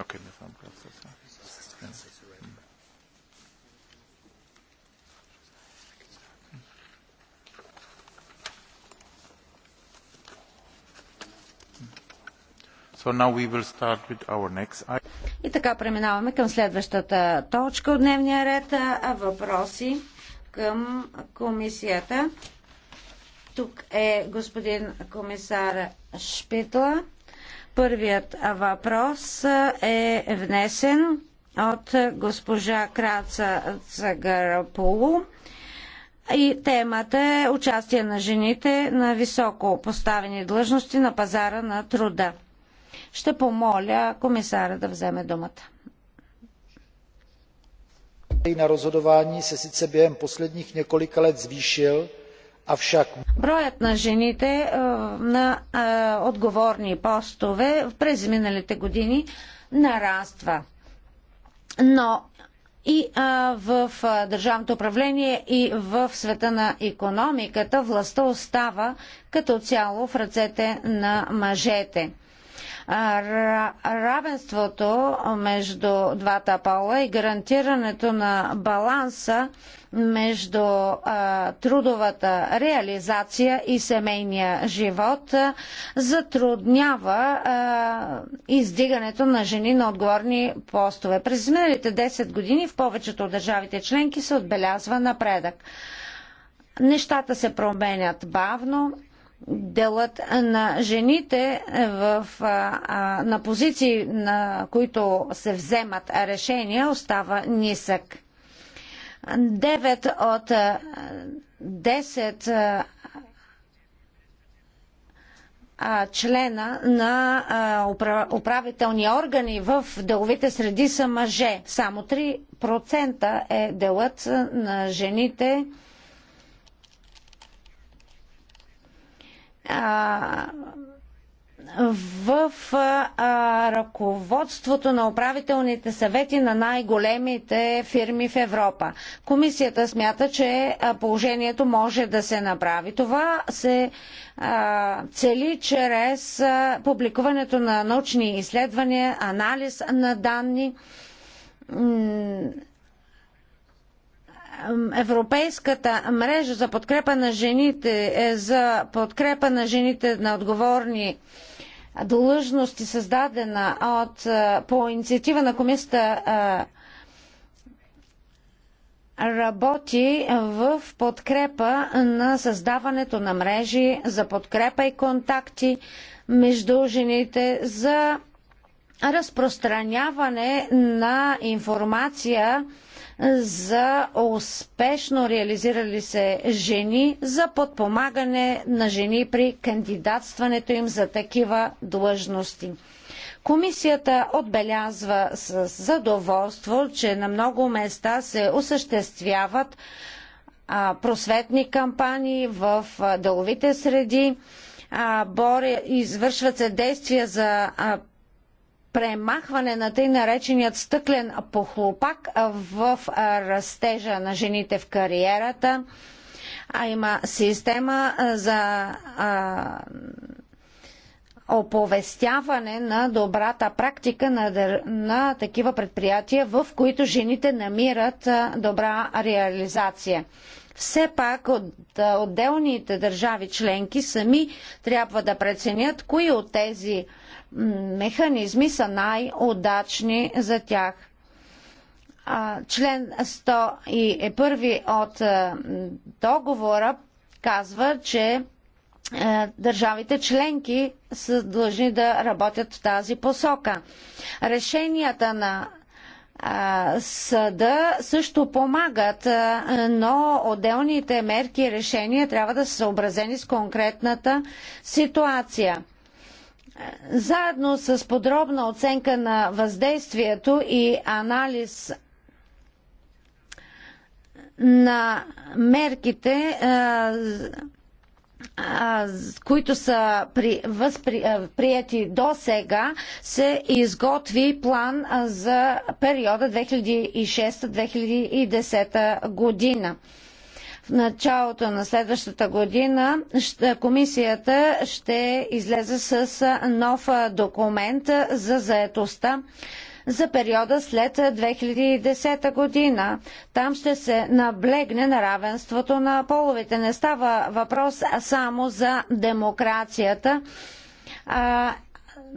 Okay, wir fahren kurz das. Ja. И така преминаваме към следващата точка от дневния ред. Въпроси към комисията. Тук е господин комисар Шпитла. Първият въпрос е внесен от госпожа Краца Цагарапулу. И темата е участие на жените на високо поставени длъжности на пазара на труда. Ще помоля комисара да вземе думата. Na rozhodování se sice během posledních několika let zvýšil, Авшак. Броят на жените е, на е, отговорни постове през миналите години нараства. Но и е, в държавното управление, и в света на економиката властта остава като цяло в ръцете на мъжете равенството между двата пола и гарантирането на баланса между а, трудовата реализация и семейния живот а, затруднява а, издигането на жени на отговорни постове. През изминалите 10 години в повечето от държавите членки се отбелязва напредък. Нещата се променят бавно делът на жените в, а, на позиции, на които се вземат решения, остава нисък. 9 от 10 члена на управителни органи в деловите среди са мъже. Само 3% е делът на жените в а, ръководството на управителните съвети на най-големите фирми в Европа. Комисията смята, че положението може да се направи. Това се а, цели чрез а, публикуването на научни изследвания, анализ на данни Европейската мрежа за подкрепа на жените, е за подкрепа на жените на отговорни длъжности, създадена от, е, по инициатива на комисията е, работи в подкрепа на създаването на мрежи за подкрепа и контакти между жените за разпространяване на информация за успешно реализирали се жени за подпомагане на жени при кандидатстването им за такива длъжности. Комисията отбелязва с задоволство, че на много места се осъществяват просветни кампании в деловите среди, извършват се действия за премахване на тъй нареченият стъклен похлопак в растежа на жените в кариерата. А има система за а, оповестяване на добрата практика на, на такива предприятия, в които жените намират добра реализация все пак от отделните държави членки сами трябва да преценят кои от тези механизми са най-удачни за тях. Член 101 е от договора казва, че държавите членки са длъжни да работят в тази посока. Решенията на съда също помагат, но отделните мерки и решения трябва да са съобразени с конкретната ситуация. Заедно с подробна оценка на въздействието и анализ на мерките които са при, възпри, прияти до сега, се изготви план за периода 2006-2010 година. В началото на следващата година комисията ще излезе с нов документ за заетостта за периода след 2010 година. Там ще се наблегне на равенството на половите. Не става въпрос само за демокрацията.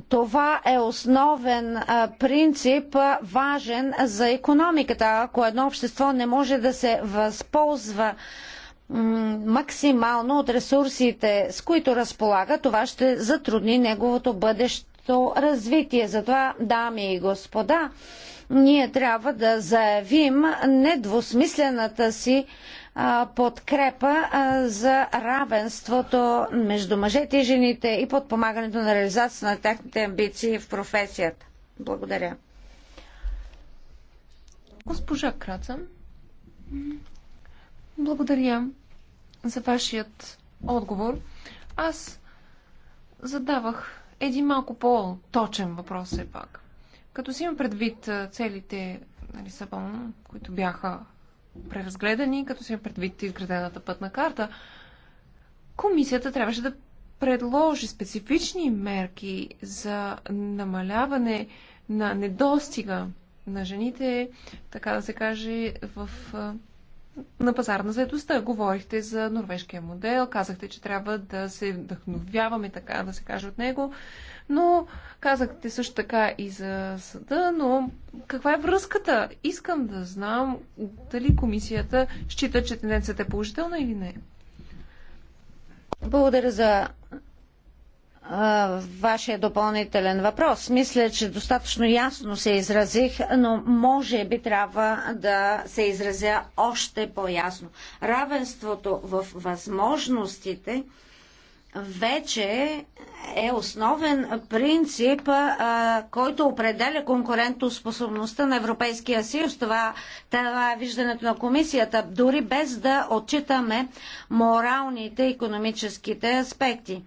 Това е основен принцип, важен за економиката. Ако едно общество не може да се възползва максимално от ресурсите, с които разполага, това ще затрудни неговото бъдеще своето развитие. Затова, дами и господа, ние трябва да заявим недвусмислената си подкрепа за равенството между мъжете и жените и подпомагането на реализацията на техните амбиции в професията. Благодаря. Госпожа Краца, благодаря за вашият отговор. Аз задавах един малко по-точен въпрос все пак. Като си има предвид целите на Лисабон, които бяха преразгледани, като си има предвид изградената пътна карта, комисията трябваше да предложи специфични мерки за намаляване на недостига на жените, така да се каже, в на пазар на заедостта. Говорихте за норвежкия модел, казахте, че трябва да се вдъхновяваме, така да се каже от него, но казахте също така и за съда, но каква е връзката? Искам да знам дали комисията счита, че тенденцията е положителна или не. Благодаря за вашия допълнителен въпрос. Мисля, че достатъчно ясно се изразих, но може би трябва да се изразя още по-ясно. Равенството в възможностите вече е основен принцип, който определя конкурентоспособността на Европейския съюз. Това, това е виждането на комисията, дори без да отчитаме моралните и економическите аспекти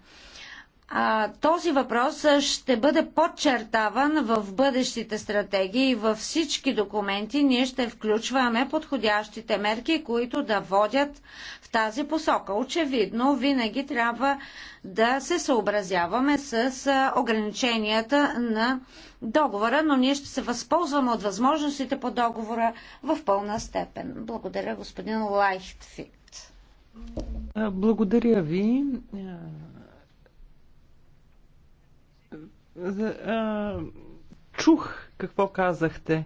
а, този въпрос ще бъде подчертаван в бъдещите стратегии и във всички документи ние ще включваме подходящите мерки, които да водят в тази посока. Очевидно, винаги трябва да се съобразяваме с ограниченията на договора, но ние ще се възползваме от възможностите по договора в пълна степен. Благодаря, господин Лайхтфит. Благодаря ви чух какво казахте,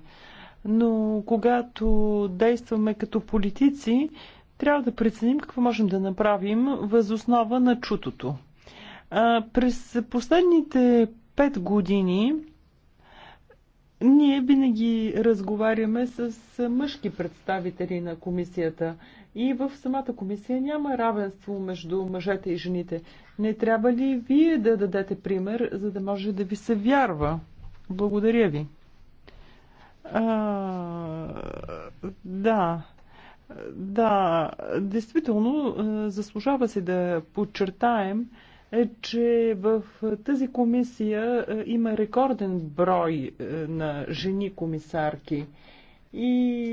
но когато действаме като политици, трябва да преценим какво можем да направим възоснова на чутото. през последните пет години ние винаги разговаряме с мъжки представители на комисията. И в самата комисия няма равенство между мъжете и жените. Не трябва ли вие да дадете пример, за да може да ви се вярва? Благодаря ви. А, да. Да, действително заслужава се да подчертаем, е, че в тази комисия има рекорден брой на жени комисарки. И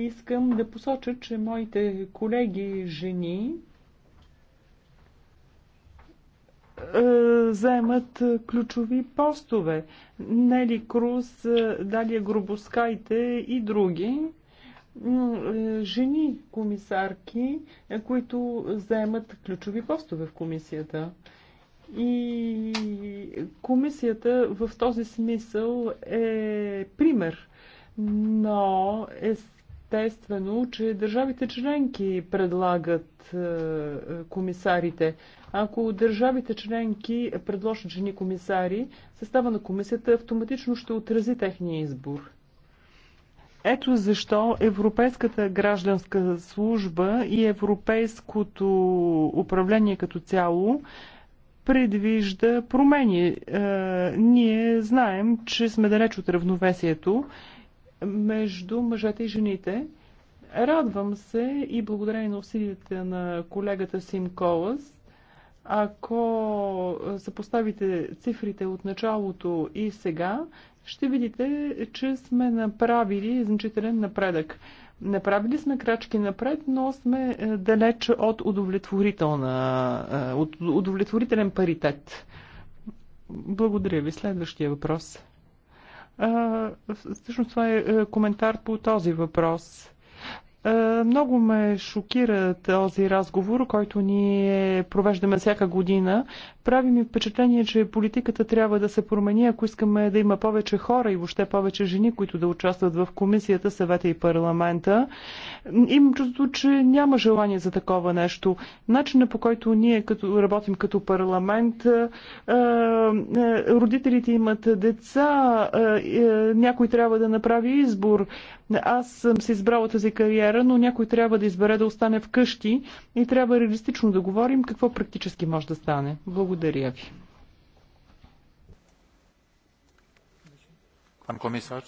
искам да посоча, че моите колеги жени е, заемат ключови постове. Нели Круз, е, Далия Гробоскайте и други е, жени комисарки, които заемат ключови постове в комисията. И комисията в този смисъл е пример но естествено, че държавите членки предлагат е, е, комисарите. Ако държавите членки предложат жени комисари, състава на комисията автоматично ще отрази техния избор. Ето защо Европейската гражданска служба и Европейското управление като цяло предвижда промени. Е, ние знаем, че сме далеч от равновесието между мъжете и жените. Радвам се и благодарение на усилията на колегата Сим Колас, ако съпоставите цифрите от началото и сега, ще видите, че сме направили значителен напредък. Направили сме крачки напред, но сме е, далеч от, удовлетворителна, е, от удовлетворителен паритет. Благодаря ви. Следващия въпрос. Всъщност това е, е коментар по този въпрос. Много ме шокира този разговор, който ние провеждаме всяка година прави ми впечатление, че политиката трябва да се промени, ако искаме да има повече хора и въобще повече жени, които да участват в комисията, съвета и парламента. Имам чувството, че няма желание за такова нещо. Начинът по който ние като, работим като парламент, родителите имат деца, някой трябва да направи избор. Аз съм се избрала тази кариера, но някой трябва да избере да остане вкъщи и трябва реалистично да говорим какво практически може да стане. Благодаря. Благодаря ви. Пан комисар.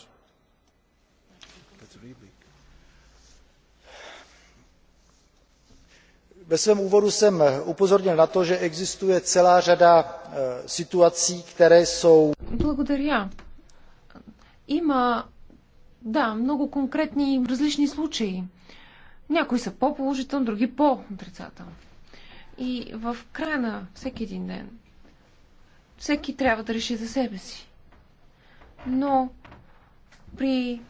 Ve svém úvodu jsem eh, upozornil na to, že existuje celá řada eh, situací, které jsou. Благодаря. Има, да, много конкретни различни случаи. Някои са по-положителни, други по-отрицателни. И в края на всеки един ден, всеки трябва да реши за себе си. Но при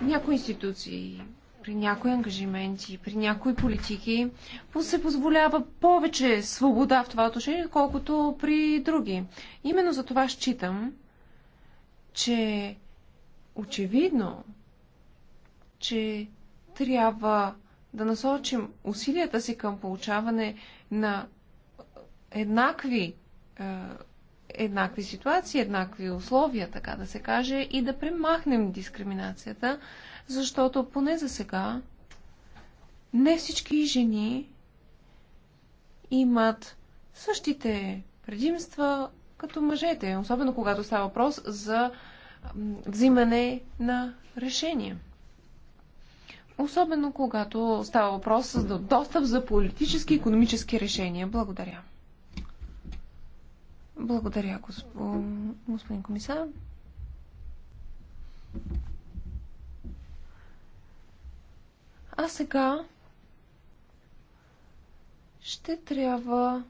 някои институции, при някои ангажименти, при някои политики се позволява повече свобода в това отношение, колкото при други. Именно за това считам, че очевидно, че трябва да насочим усилията си към получаване на еднакви, е, еднакви ситуации, еднакви условия, така да се каже, и да премахнем дискриминацията, защото поне за сега не всички жени имат същите предимства като мъжете, особено когато става въпрос за взимане на решения. Особено когато става въпрос за достъп за политически и економически решения. Благодаря. Благодаря, господин комисар. А сега ще трябва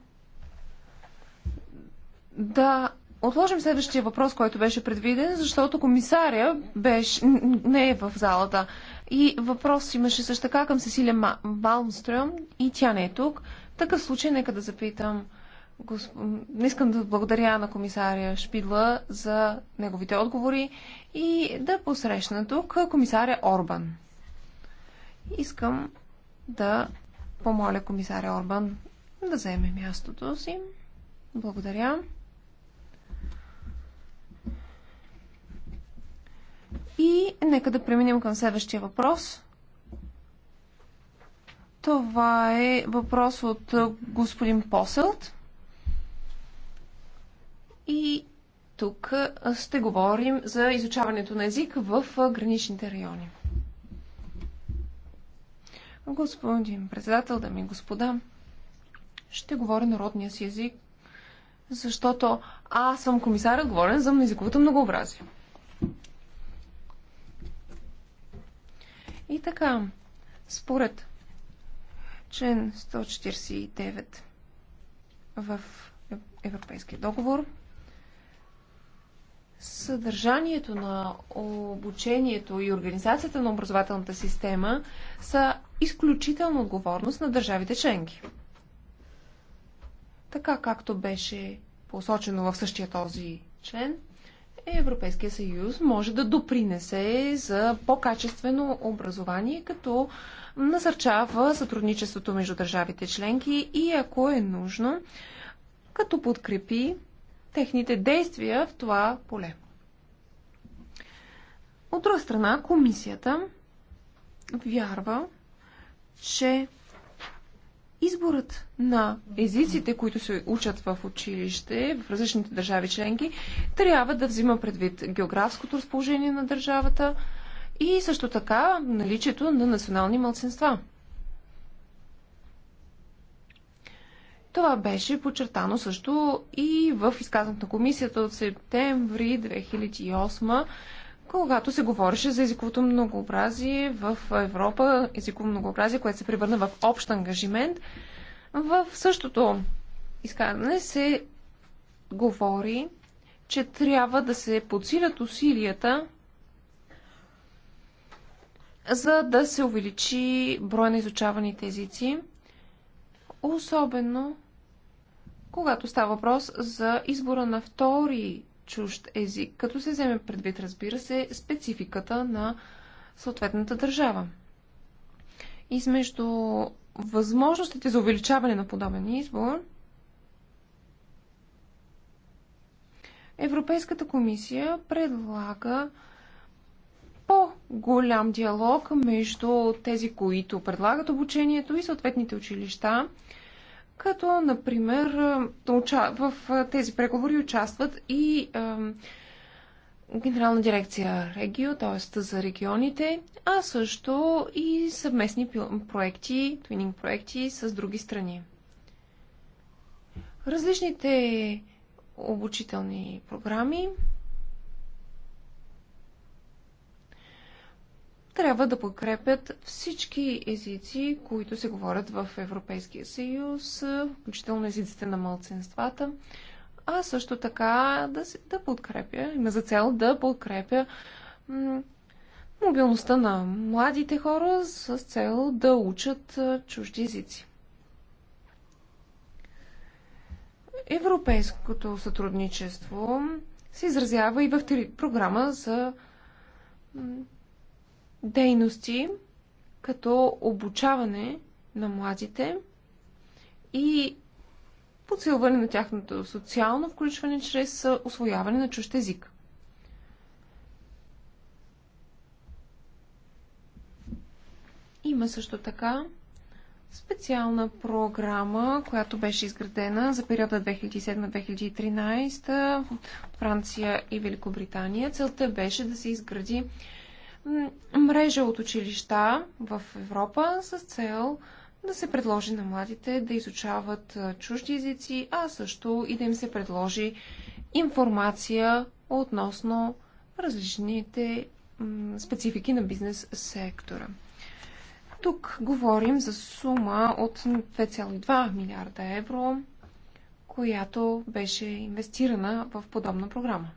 да отложим следващия въпрос, който беше предвиден, защото комисаря беше... не е в залата. И въпрос имаше също така към Сесилия Балмстрюм и тя не е тук. В такъв случай нека да запитам. Госп... Не искам да благодаря на комисаря Шпидла за неговите отговори и да посрещна тук комисаря Орбан. Искам да помоля комисаря Орбан да заеме мястото си. Благодаря. И нека да преминем към следващия въпрос. Това е въпрос от господин Поселт. И тук ще говорим за изучаването на език в граничните райони. Господин председател, дами и господа, ще говоря народния си език, защото аз съм комисар, отговорен за езиковото многообразие. И така, според член 149 в Европейския договор, съдържанието на обучението и организацията на образователната система са изключително отговорност на държавите членки. Така както беше посочено в същия този член, е, Европейския съюз може да допринесе за по-качествено образование, като насърчава сътрудничеството между държавите членки и, ако е нужно, като подкрепи техните действия в това поле. От друга страна, комисията вярва, че изборът на езиците, които се учат в училище в различните държави членки, трябва да взима предвид географското разположение на държавата и също така наличието на национални мълцинства. Това беше подчертано също и в изказването на комисията от септември 2008 когато се говореше за езиковото многообразие в Европа, езиково многообразие, което се превърна в общ ангажимент, в същото изказване се говори, че трябва да се подсилят усилията за да се увеличи броя на изучаваните езици, особено когато става въпрос за избора на втори чужд език, като се вземе предвид, разбира се, спецификата на съответната държава. И между възможностите за увеличаване на подобен избор, Европейската комисия предлага по-голям диалог между тези, които предлагат обучението и съответните училища, като, например, в тези преговори участват и Генерална дирекция Регио, т.е. за регионите, а също и съвместни проекти, твининг проекти с други страни. Различните обучителни програми трябва да подкрепят всички езици, които се говорят в Европейския съюз, включително езиците на мълценствата, а също така да, си, да подкрепя, има за цел да подкрепя мобилността на младите хора с цел да учат чужди езици. Европейското сътрудничество се изразява и в програма за дейности, като обучаване на младите и подсилване на тяхното социално включване чрез освояване на чужд език. Има също така специална програма, която беше изградена за периода 2007-2013 Франция и Великобритания. Целта беше да се изгради мрежа от училища в Европа с цел да се предложи на младите да изучават чужди езици, а също и да им се предложи информация относно различните специфики на бизнес сектора. Тук говорим за сума от 2,2 милиарда евро, която беше инвестирана в подобна програма.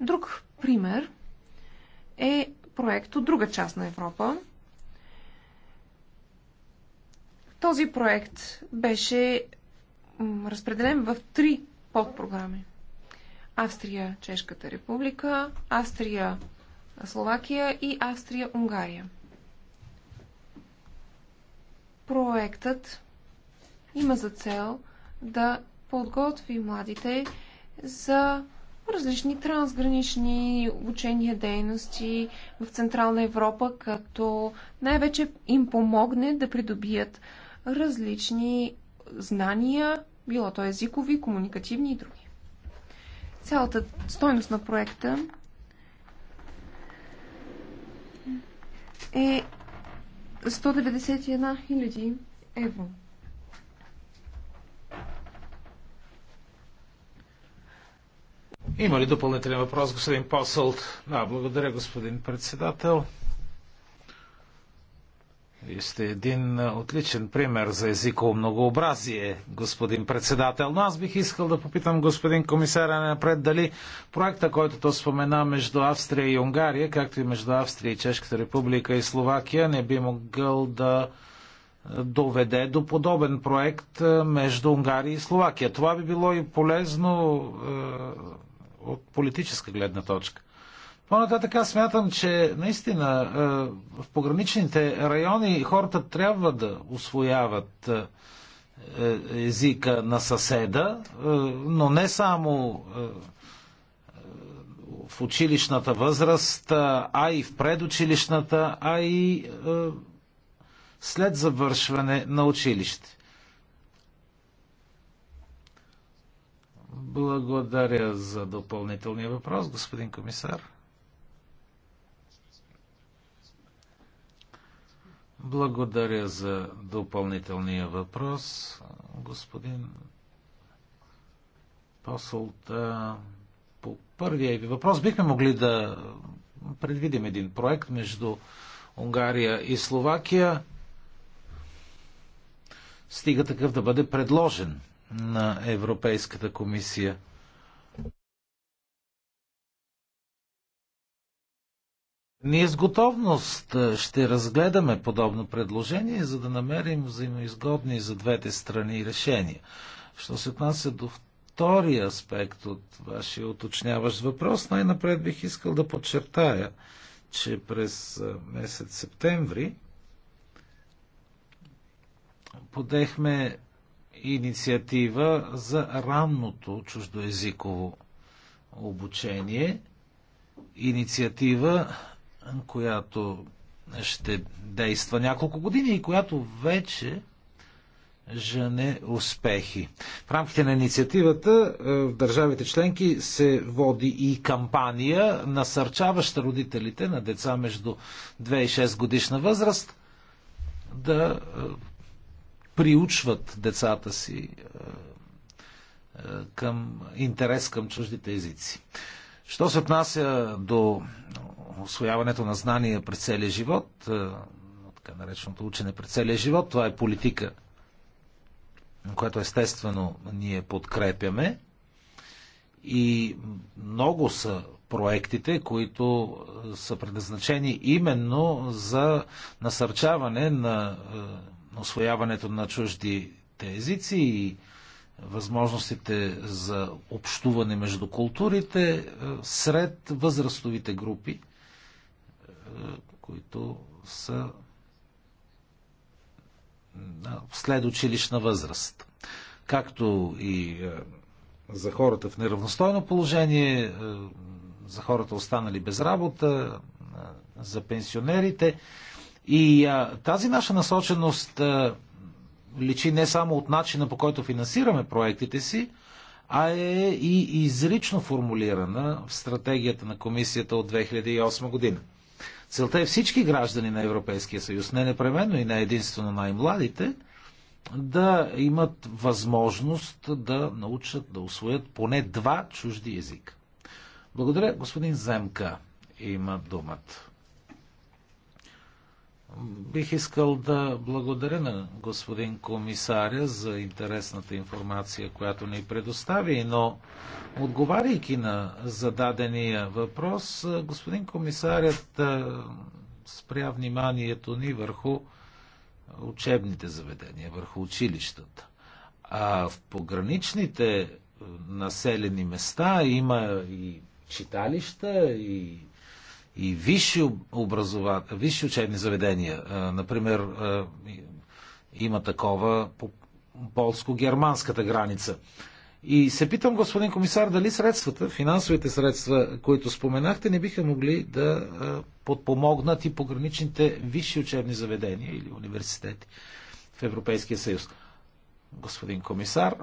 Друг пример е проект от друга част на Европа. Този проект беше разпределен в три подпрограми. Австрия, Чешката република, Австрия, Словакия и Австрия, Унгария. Проектът има за цел да подготви младите за различни трансгранични учения, дейности в Централна Европа, като най-вече им помогне да придобият различни знания, било то езикови, комуникативни и други. Цялата стойност на проекта е 191 000 евро. Има ли допълнителен въпрос, господин Посълт? Да, благодаря, господин председател. Вие сте един отличен пример за езиково многообразие, господин председател. Но аз бих искал да попитам господин комисаря напред дали проекта, който то спомена между Австрия и Унгария, както и между Австрия и Чешката република и Словакия, не би могъл да доведе до подобен проект между Унгария и Словакия. Това би било и полезно от политическа гледна точка. По-нататък смятам, че наистина е, в пограничните райони хората трябва да освояват е, е, езика на съседа, но не само в училищната възраст, а и в предучилищната, а и след завършване на училище. Благодаря за допълнителния въпрос, господин комисар. Благодаря за допълнителния въпрос, господин Посолт. По първия ви въпрос бихме могли да предвидим един проект между Унгария и Словакия. Стига такъв да бъде предложен на Европейската комисия. Ние с готовност е, ще разгледаме подобно предложение, за да намерим взаимоизгодни за двете страни решения. Що се отнася до втория аспект от вашия уточняващ въпрос, най-напред бих искал да подчертая, че през е, месец септември подехме инициатива за ранното чуждоязиково обучение. Инициатива, която ще действа няколко години и която вече жене успехи. В рамките на инициативата е, в държавите членки се води и кампания, насърчаваща родителите на деца между 2 и 6 годишна възраст да е, приучват децата си е, е, към интерес към чуждите езици. Що се отнася до освояването на знания през целия живот, е, така нареченото учене през целия живот, това е политика, която естествено ние подкрепяме. И много са проектите, които са предназначени именно за насърчаване на освояването на чуждите езици и възможностите за общуване между културите е, сред възрастовите групи, е, които са след училищна възраст. Както и е, за хората в неравностойно положение, за хората останали без работа, за пенсионерите. И а, тази наша насоченост а, личи не само от начина по който финансираме проектите си, а е и изрично формулирана в стратегията на комисията от 2008 година. Целта е всички граждани на Европейския съюз, не непременно и не единствено най-младите, да имат възможност да научат да освоят поне два чужди езика. Благодаря, господин Земка има думата. Бих искал да благодаря на господин комисаря за интересната информация, която ни предостави, но отговаряйки на зададения въпрос, господин комисарят спря вниманието ни върху учебните заведения, върху училищата. А в пограничните населени места има и читалища, и и висши, образова... висши учебни заведения. Например, има такова по полско-германската граница. И се питам, господин комисар, дали средствата, финансовите средства, които споменахте, не биха могли да подпомогнат и пограничните висши учебни заведения или университети в Европейския съюз. Господин комисар,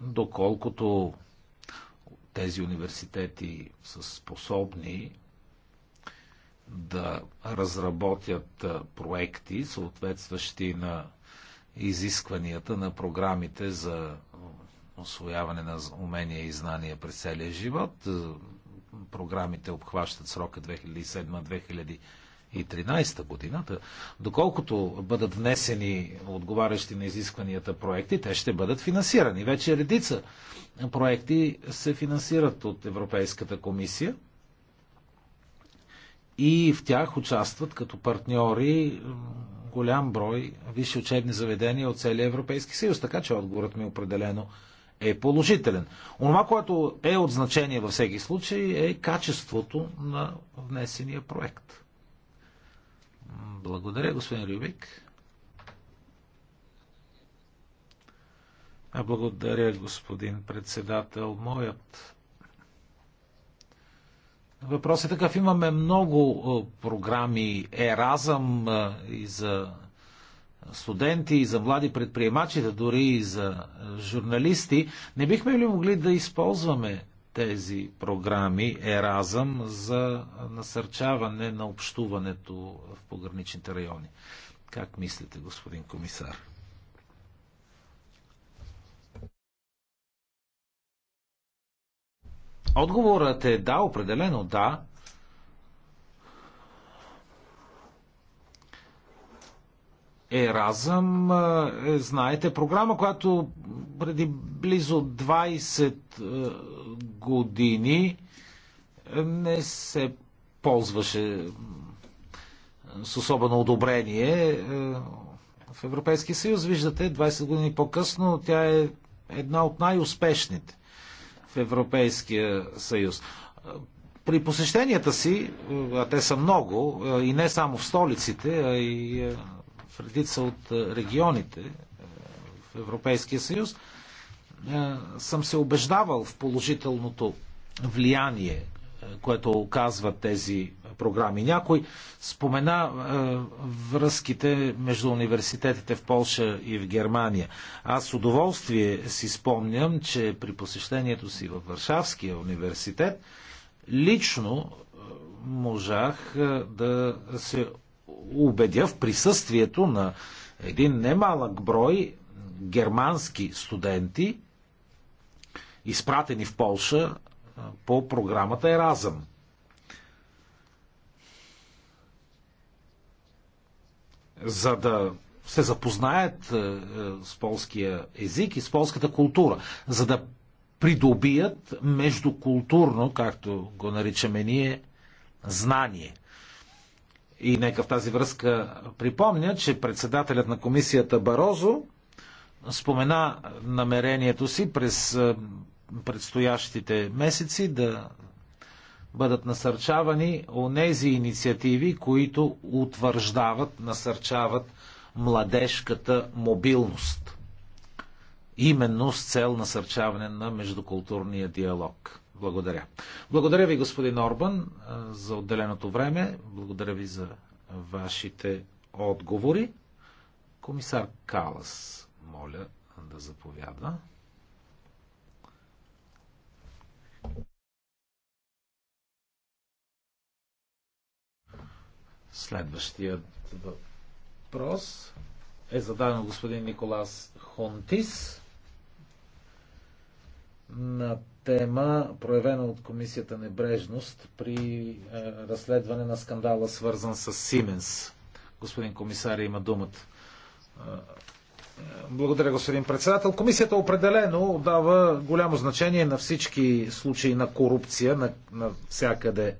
доколкото тези университети са способни да разработят проекти, съответстващи на изискванията на програмите за освояване на умения и знания през целия живот. Програмите обхващат срока 2007-2013 2013 годината, доколкото бъдат внесени отговарящи на изискванията проекти, те ще бъдат финансирани. Вече редица проекти се финансират от Европейската комисия и в тях участват като партньори голям брой висши учебни заведения от целия Европейски съюз. Така че отговорът ми определено е положителен. Онова, което е от значение във всеки случай, е качеството на внесения проект. Благодаря, господин Рюбик. А благодаря, господин председател. Моят въпрос е такъв. Имаме много програми Еразъм и за студенти, и за млади предприемачите, дори и за журналисти. Не бихме ли могли да използваме тези програми е разъм за насърчаване на общуването в пограничните райони. Как мислите, господин комисар? Отговорът е да, определено да. Еразъм е, знаете, програма, която преди близо 20 години не се ползваше с особено одобрение в Европейския съюз. Виждате, 20 години по-късно тя е една от най-успешните в Европейския съюз. При посещенията си, а те са много, и не само в столиците, а и в редица от е, регионите е, в Европейския съюз, е, съм се убеждавал в положителното влияние, което оказват тези програми. Някой спомена връзките между университетите в Польша и в Германия. Аз с удоволствие си спомням, че при посещението си във Варшавския университет лично можах да се убедя в присъствието на един немалък брой германски студенти, изпратени в Полша по програмата Еразъм. За да се запознаят с полския език и с полската култура, за да придобият междукултурно, както го наричаме ние, знание. И нека в тази връзка припомня, че председателят на комисията Барозо спомена намерението си през е, предстоящите месеци да бъдат насърчавани онези инициативи, които утвърждават, насърчават младежката мобилност. Именно с цел насърчаване на междукултурния диалог. Благодаря. Благодаря ви, господин Орбан, за отделеното време. Благодаря ви за вашите отговори. Комисар Калас, моля да заповяда. Следващият въпрос е зададен от господин Николас Хонтис на тема, проявена от комисията небрежност при е, разследване на скандала, свързан с Сименс. Господин комисар има думата. Е, благодаря, господин председател. Комисията определено дава голямо значение на всички случаи на корупция на, всякъде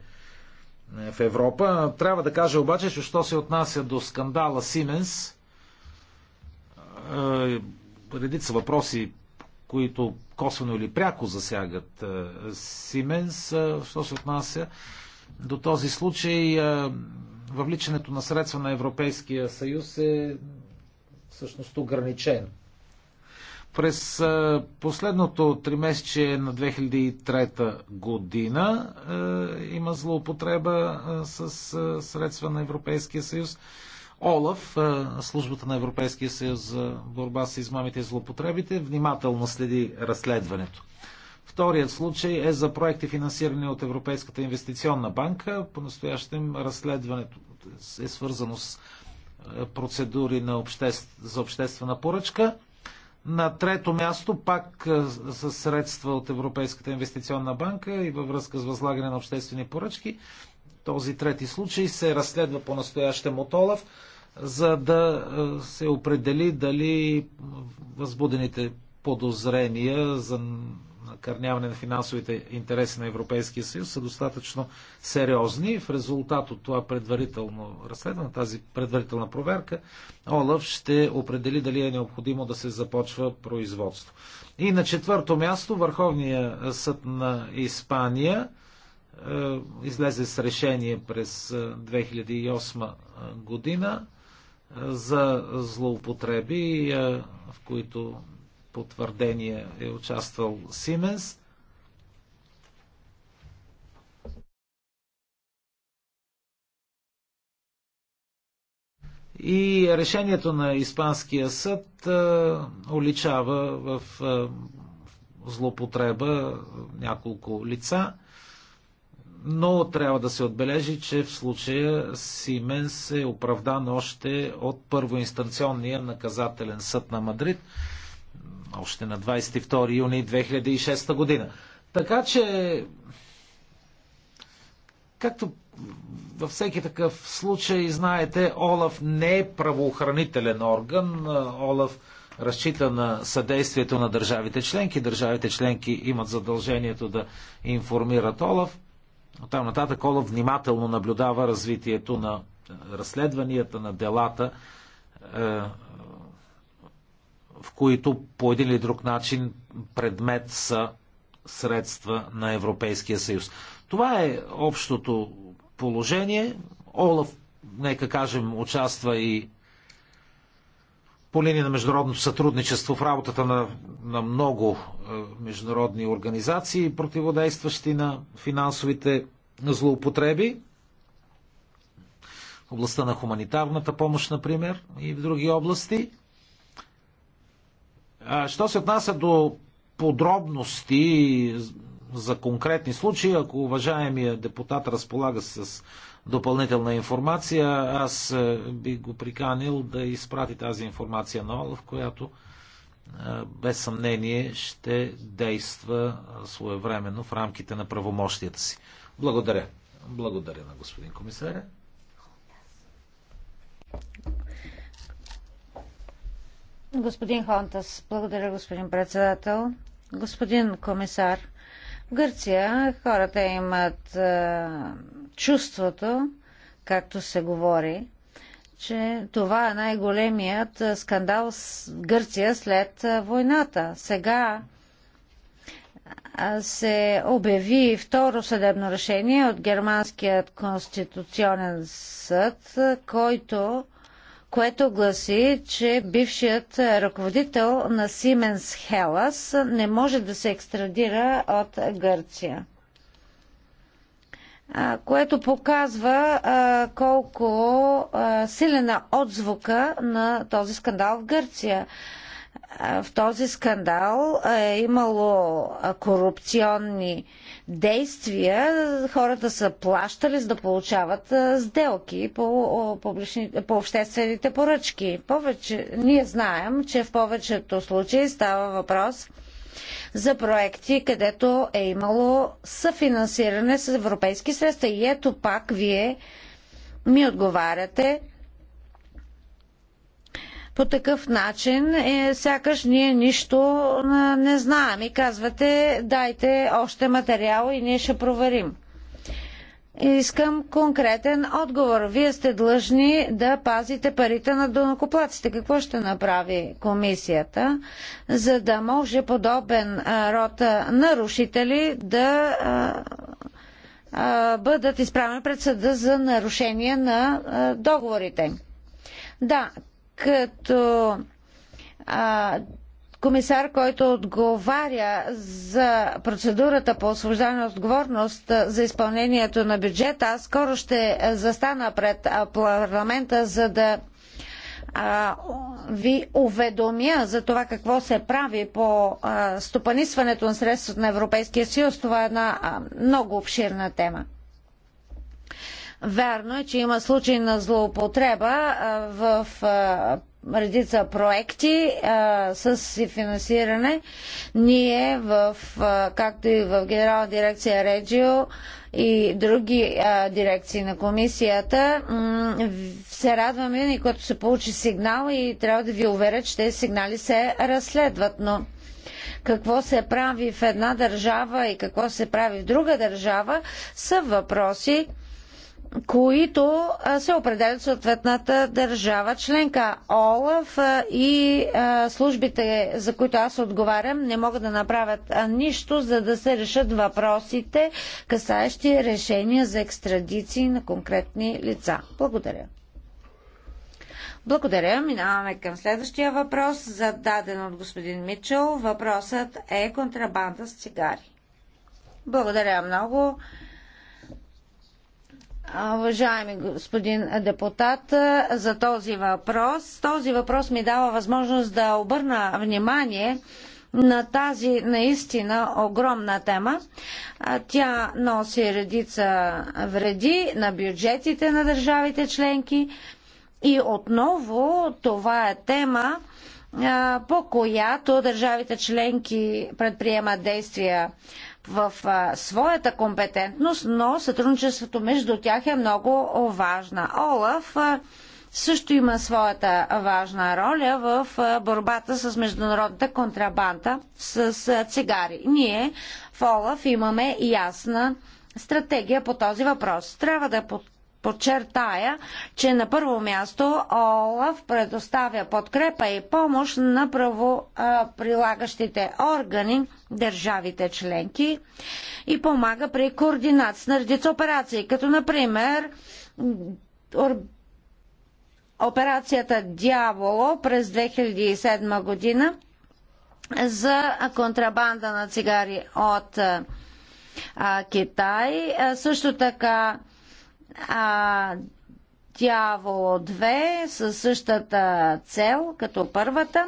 е, в Европа. Трябва да кажа обаче, че що се отнася до скандала Сименс, редица въпроси които косвено или пряко засягат Сименс, е, що се отнася до този случай, е, въвличането на средства на Европейския съюз е всъщност ограничен. През е, последното тримесечие на 2003 година е, има злоупотреба с средства на Европейския съюз. Олаф, е, службата на Европейския съюз за борба с измамите и злопотребите, внимателно следи разследването. Вторият случай е за проекти финансирани от Европейската инвестиционна банка. По-настоящем разследването е свързано с е, процедури на обществ... за обществена поръчка. На трето място, пак е, с средства от Европейската инвестиционна банка и във връзка с възлагане на обществени поръчки, този трети случай се разследва по-настоящем от Олаф за да е, се определи дали възбудените подозрения за накърняване на финансовите интереси на Европейския съюз са достатъчно сериозни. В резултат от това предварително разследване, тази предварителна проверка, Олаф ще определи дали е необходимо да се започва производство. И на четвърто място Върховния съд на Испания е, излезе с решение през 2008 е, година за злоупотреби, в които потвърдение е участвал Сименс. И решението на Испанския съд уличава в злоупотреба няколко лица но трябва да се отбележи, че в случая Сименс е оправдан още от първоинстанционния наказателен съд на Мадрид, още на 22 юни 2006 година. Така че, както във всеки такъв случай, знаете, Олаф не е правоохранителен орган. Олаф разчита на съдействието на държавите членки. Държавите членки имат задължението да информират Олаф от там нататък Олаф внимателно наблюдава развитието на е, разследванията, на делата, е, в които по един или друг начин предмет са средства на Европейския съюз. Това е общото положение. Олаф, нека кажем, участва и по линия на международното сътрудничество в работата на, на много е, международни организации, противодействащи на финансовите злоупотреби в областта на хуманитарната помощ, например, и в други области. Що се отнася до подробности за конкретни случаи. Ако уважаемия депутат разполага с допълнителна информация, аз е, би го приканил да изпрати тази информация на Олаф, която е, без съмнение ще действа е, своевременно в рамките на правомощията си. Благодаря. Благодаря на господин комисаря. Господин Хонтас, благодаря господин председател. Господин комисар, в Гърция хората имат чувството, както се говори, че това е най-големият скандал с Гърция след войната. Сега се обяви второ съдебно решение от Германският конституционен съд, който което гласи, че бившият ръководител на Сименс Хелас не може да се екстрадира от Гърция. Което показва колко силен е отзвука на този скандал в Гърция. В този скандал е имало корупционни действия хората са плащали за да получават сделки по, публични, по обществените поръчки. Повече, ние знаем, че в повечето случаи става въпрос за проекти, където е имало съфинансиране с европейски средства. И ето пак вие ми отговаряте, по такъв начин, е, сякаш ние нищо не знаем. И казвате, дайте още материал и ние ще проверим. Искам конкретен отговор. Вие сте длъжни да пазите парите на донокоплаците. Какво ще направи комисията, за да може подобен род нарушители да а, бъдат изправени пред съда за нарушение на договорите? Да, като а, комисар, който отговаря за процедурата по освобождаване отговорност за изпълнението на бюджета, аз скоро ще застана пред парламента, за да а, ви уведомя за това какво се прави по а, стопанисването на средствата на Европейския съюз. Това е една а, много обширна тема. Вярно е, че има случаи на злоупотреба в редица проекти а, с финансиране. Ние, в, а, както и в Генерална дирекция Реджио и други а, дирекции на комисията, се радваме, и като се получи сигнал и трябва да ви уверя, че тези сигнали се разследват. Но какво се прави в една държава и какво се прави в друга държава са въпроси, които се определят съответната държава членка. ОЛАФ и службите, за които аз отговарям, не могат да направят нищо, за да се решат въпросите, касаещи решения за екстрадиции на конкретни лица. Благодаря. Благодаря. Минаваме към следващия въпрос, зададен от господин Мичел. Въпросът е контрабанда с цигари. Благодаря много уважаеми господин депутат, за този въпрос. Този въпрос ми дава възможност да обърна внимание на тази наистина огромна тема. Тя носи редица вреди на бюджетите на държавите членки и отново това е тема, по която държавите членки предприемат действия в а, своята компетентност, но сътрудничеството между тях е много важна. Олаф а, също има своята важна роля в а, борбата с международната контрабанда с, а, цигари. Ние в Олаф имаме ясна стратегия по този въпрос. Трябва да под подчертая, че на първо място ОЛАФ предоставя подкрепа и помощ на правоприлагащите органи, държавите членки и помага при координация на редица операции, като например операцията Дяволо през 2007 година за контрабанда на цигари от Китай. Също така а, Дяволо 2 със същата цел като първата.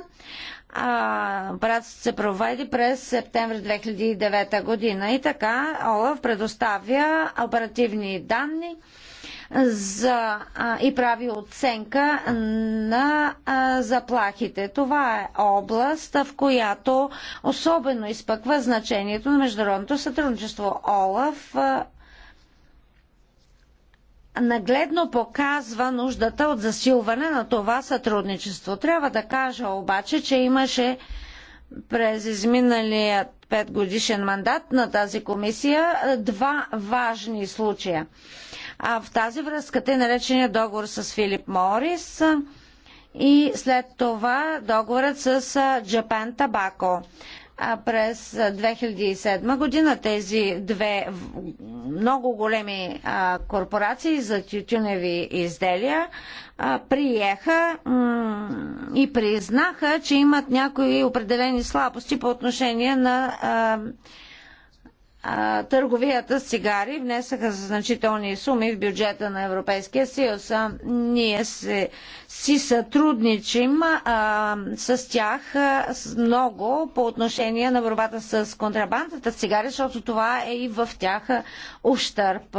А, брат се проведи през септември 2009 година и така Олаф предоставя оперативни данни за, а, и прави оценка на а, заплахите. Това е област, в която особено изпъква значението на международното сътрудничество. Олаф а, нагледно показва нуждата от засилване на това сътрудничество. Трябва да кажа обаче, че имаше през изминалият петгодишен мандат на тази комисия два важни случая. А в тази връзка те наречения договор с Филип Морис и след това договорът с Japan Tobacco през 2007 година тези две много големи корпорации за тютюневи изделия приеха и признаха, че имат някои определени слабости по отношение на търговията с цигари внесаха значителни суми в бюджета на Европейския съюз. ние се, си сътрудничим а, с тях а, с много по отношение на борбата с контрабандата с цигари, защото това е и в тях ущърп.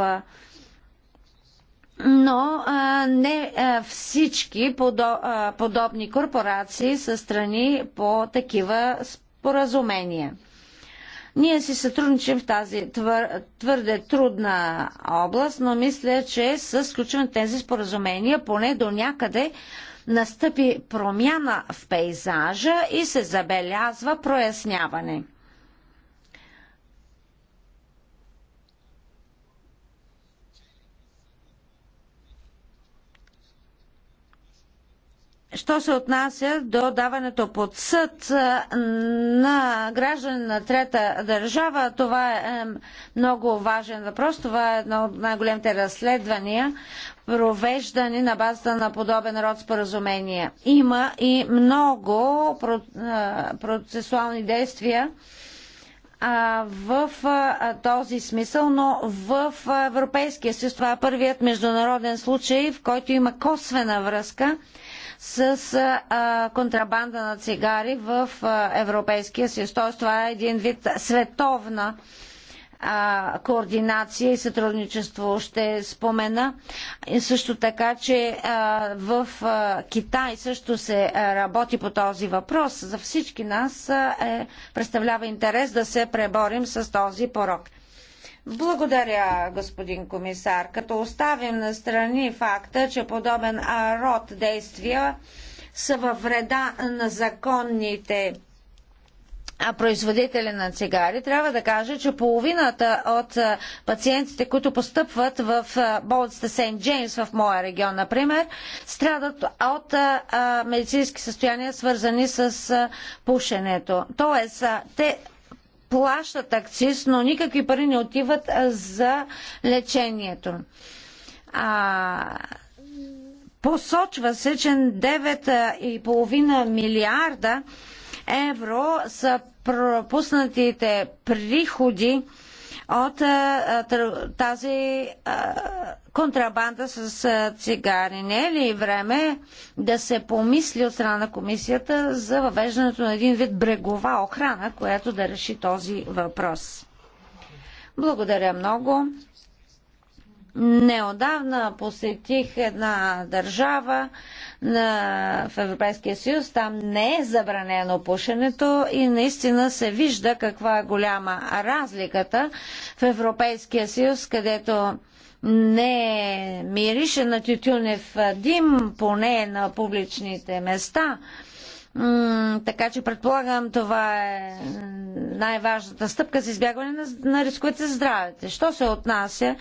Но а, не а, всички подо, а, подобни корпорации са страни по такива споразумения. Ние си сътрудничим в тази твърде трудна област, но мисля, че с включване тези споразумения поне до някъде настъпи промяна в пейзажа и се забелязва проясняване. Що се отнася до даването под съд на граждани на трета държава, това е, е много важен въпрос. Това е едно от най-големите разследвания, провеждани на базата на подобен род споразумения. Има и много процесуални действия в този смисъл, но в Европейския съюз това е първият международен случай, в който има косвена връзка с а, контрабанда на цигари в а, Европейския съюз. Тоест, това е един вид световна а, координация и сътрудничество. Ще спомена и също така, че а, в а, Китай също се а, работи по този въпрос. За всички нас а, е, представлява интерес да се преборим с този порок. Благодаря, господин комисар. Като оставим на страни факта, че подобен род действия са във вреда на законните а производители на цигари, трябва да кажа, че половината от пациентите, които постъпват в болницата Сент Джеймс в моя регион, например, страдат от медицински състояния, свързани с пушенето. Тоест, те плащат акциз, но никакви пари не отиват за лечението. А, посочва се, че 9,5 милиарда евро са пропуснатите приходи от тази контрабанда с цигари. Не е ли време да се помисли от страна на комисията за въвеждането на един вид брегова охрана, която да реши този въпрос? Благодаря много. Неодавна посетих една държава на, в Европейския съюз. Там не е забранено пушенето и наистина се вижда каква е голяма разликата в Европейския съюз, където не е мирише на тютюнев дим, поне на публичните места така че предполагам това е най-важната стъпка за избягване на, на рисковете за здравето. Що се отнася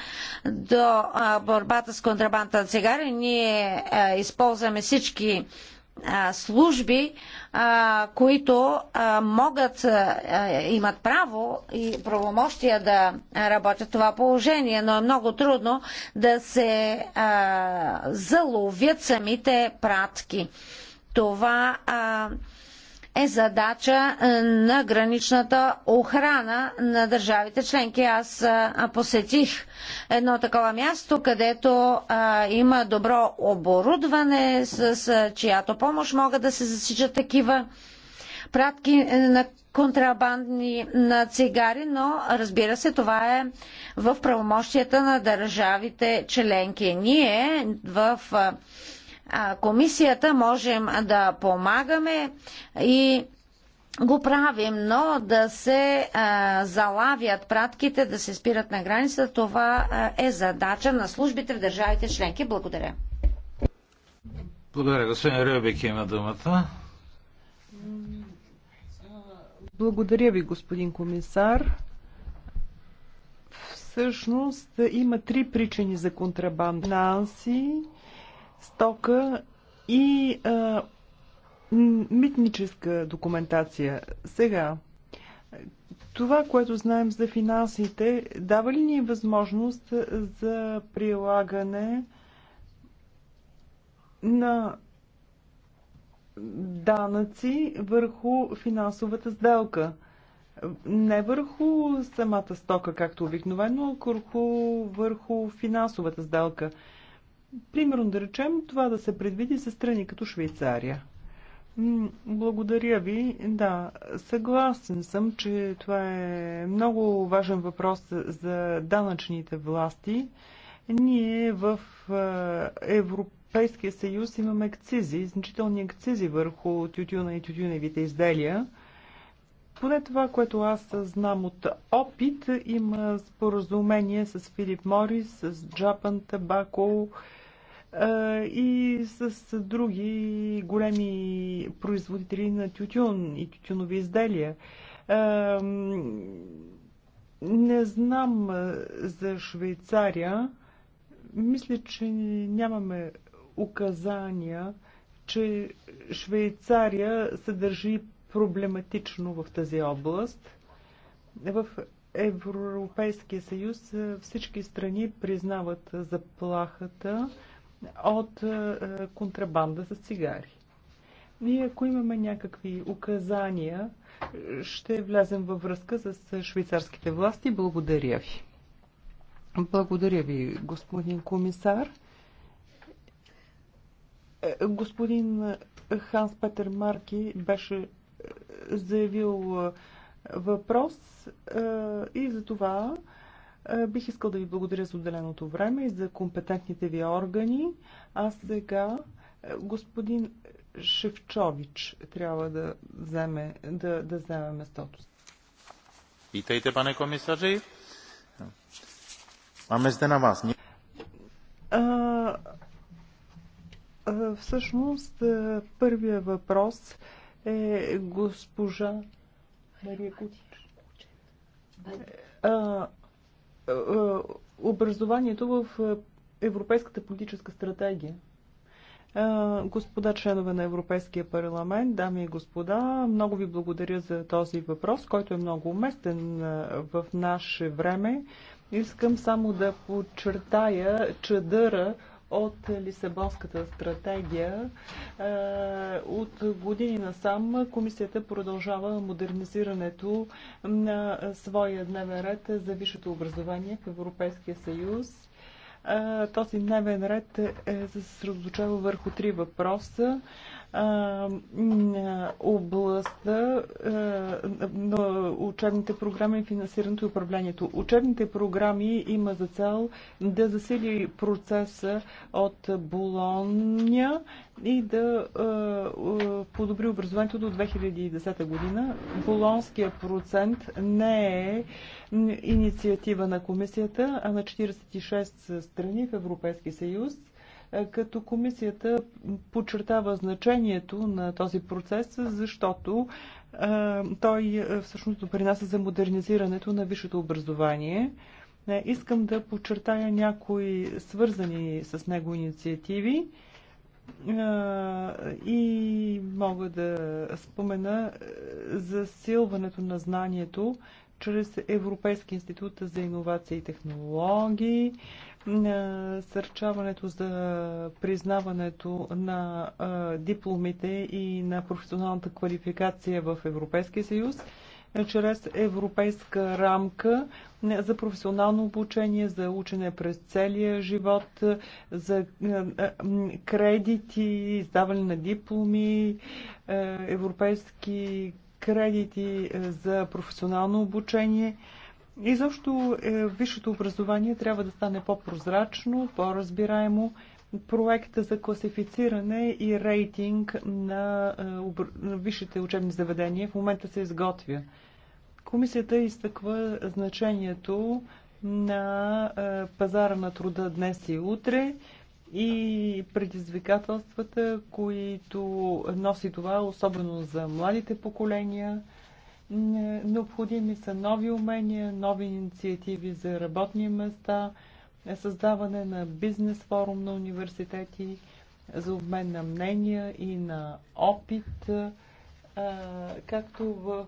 до а, борбата с контрабанта на цигари, ние а, използваме всички а, служби, а, които а, могат, а, имат право и правомощия да работят това положение, но е много трудно да се а, заловят самите пратки. А, това а, е задача на граничната охрана на държавите членки. Аз посетих едно такова място, където а, има добро оборудване, с, с чиято помощ могат да се засичат такива пратки е, на контрабандни на цигари, но разбира се, това е в правомощията на държавите членки. Ние в а, комисията можем да помагаме и го правим, но да се а, залавят пратките, да се спират на граница, това а, е задача на службите в държавите членки. Благодаря. Благодаря. Господин Рюбик има думата. Благодаря ви, господин комисар. Всъщност има три причини за контрабанда. Нанси, стока и а, митническа документация. Сега, това, което знаем за финансите, дава ли ни възможност за прилагане на данъци върху финансовата сделка? Не върху самата стока, както обикновено, а върху, финансовата сделка – Примерно да речем това да се предвиди за страни като Швейцария. Благодаря ви. Да, съгласен съм, че това е много важен въпрос за данъчните власти. Ние в Европейския съюз имаме акцизи, значителни акцизи върху тютюна и тютюневите изделия. Поне това, което аз знам от опит, има споразумение с Филип Морис, с Japan Tobacco, и с други големи производители на тютюн и тютюнови изделия. Не знам за Швейцария. Мисля, че нямаме указания, че Швейцария се държи проблематично в тази област. В Европейския съюз всички страни признават заплахата от е, е, контрабанда с цигари. Ние, ако имаме някакви указания, ще влезем във връзка с е, швейцарските власти. Благодаря ви. Благодаря ви, господин комисар. Господин Ханс Петер Марки беше заявил въпрос и за това е, бих искал да ви благодаря за отделеното време и за компетентните ви органи. А сега е, господин Шевчович трябва да вземе, да, да вземе местото. Питайте, пане комисари. Маме сте на вас. А, а, всъщност, е, първия въпрос е госпожа Мария Кутич. А, е, образованието в Европейската политическа стратегия. Е, господа членове на Европейския парламент, дами и господа, много ви благодаря за този въпрос, който е много уместен е, в наше време. Искам само да подчертая чадъра от Лисабонската стратегия. Е, от години насам комисията продължава модернизирането на своя дневен ред за висшето образование в Европейския съюз. Е, този дневен ред е, се съсредоточава върху три въпроса областта на учебните програми, финансирането и управлението. Учебните програми има за цел да засили процеса от Болония и да подобри образованието до 2010 година. Болонския процент не е инициатива на комисията, а на 46 страни в Европейския съюз – е, като комисията подчертава значението на този процес, защото е, той е, всъщност допринася за модернизирането на висшето образование. Искам да подчертая някои свързани с него инициативи и мога да спомена засилването на знанието чрез Европейски институт за иновации и технологии, сърчаването за признаването на дипломите и на професионалната квалификация в Европейския съюз, чрез европейска рамка за професионално обучение, за учене през целия живот, за кредити, издаване на дипломи, европейски кредити е, за професионално обучение. Изобщо е, висшето образование трябва да стане по-прозрачно, по-разбираемо. Проекта за класифициране и рейтинг на е, висшите учебни заведения в момента се изготвя. Комисията изтъква значението на пазара на труда днес и утре, и предизвикателствата, които носи това, особено за младите поколения. Необходими са нови умения, нови инициативи за работни места, създаване на бизнес форум на университети, за обмен на мнения и на опит, както в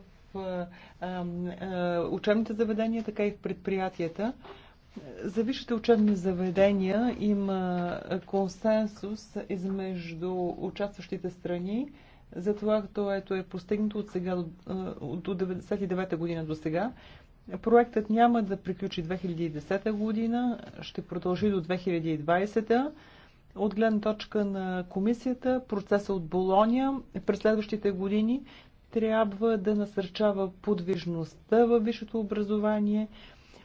учебните заведения, така и в предприятията. За висшите учебни заведения има консенсус измежду участващите страни за това, което е постигнато от, сега, до 1999 е, година до сега. Проектът няма да приключи 2010 година, ще продължи до 2020. От гледна точка на комисията, процеса от Болония през следващите години трябва да насърчава подвижността във висшето образование –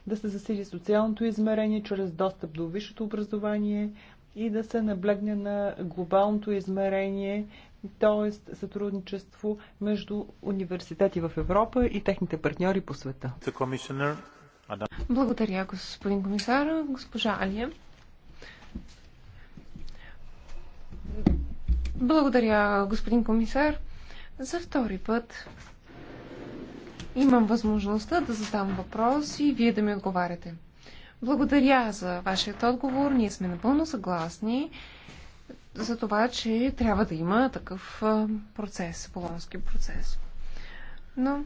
да се засили социалното измерение чрез достъп до висшето образование и да се наблегне на глобалното измерение, т.е. сътрудничество между университети в Европа и техните партньори по света. Благодаря, господин комисар. Госпожа Алия. Благодаря, господин комисар. За втори път имам възможността да задам въпрос и вие да ми отговаряте. Благодаря за вашият отговор. Ние сме напълно съгласни за това, че трябва да има такъв процес, болонски процес. Но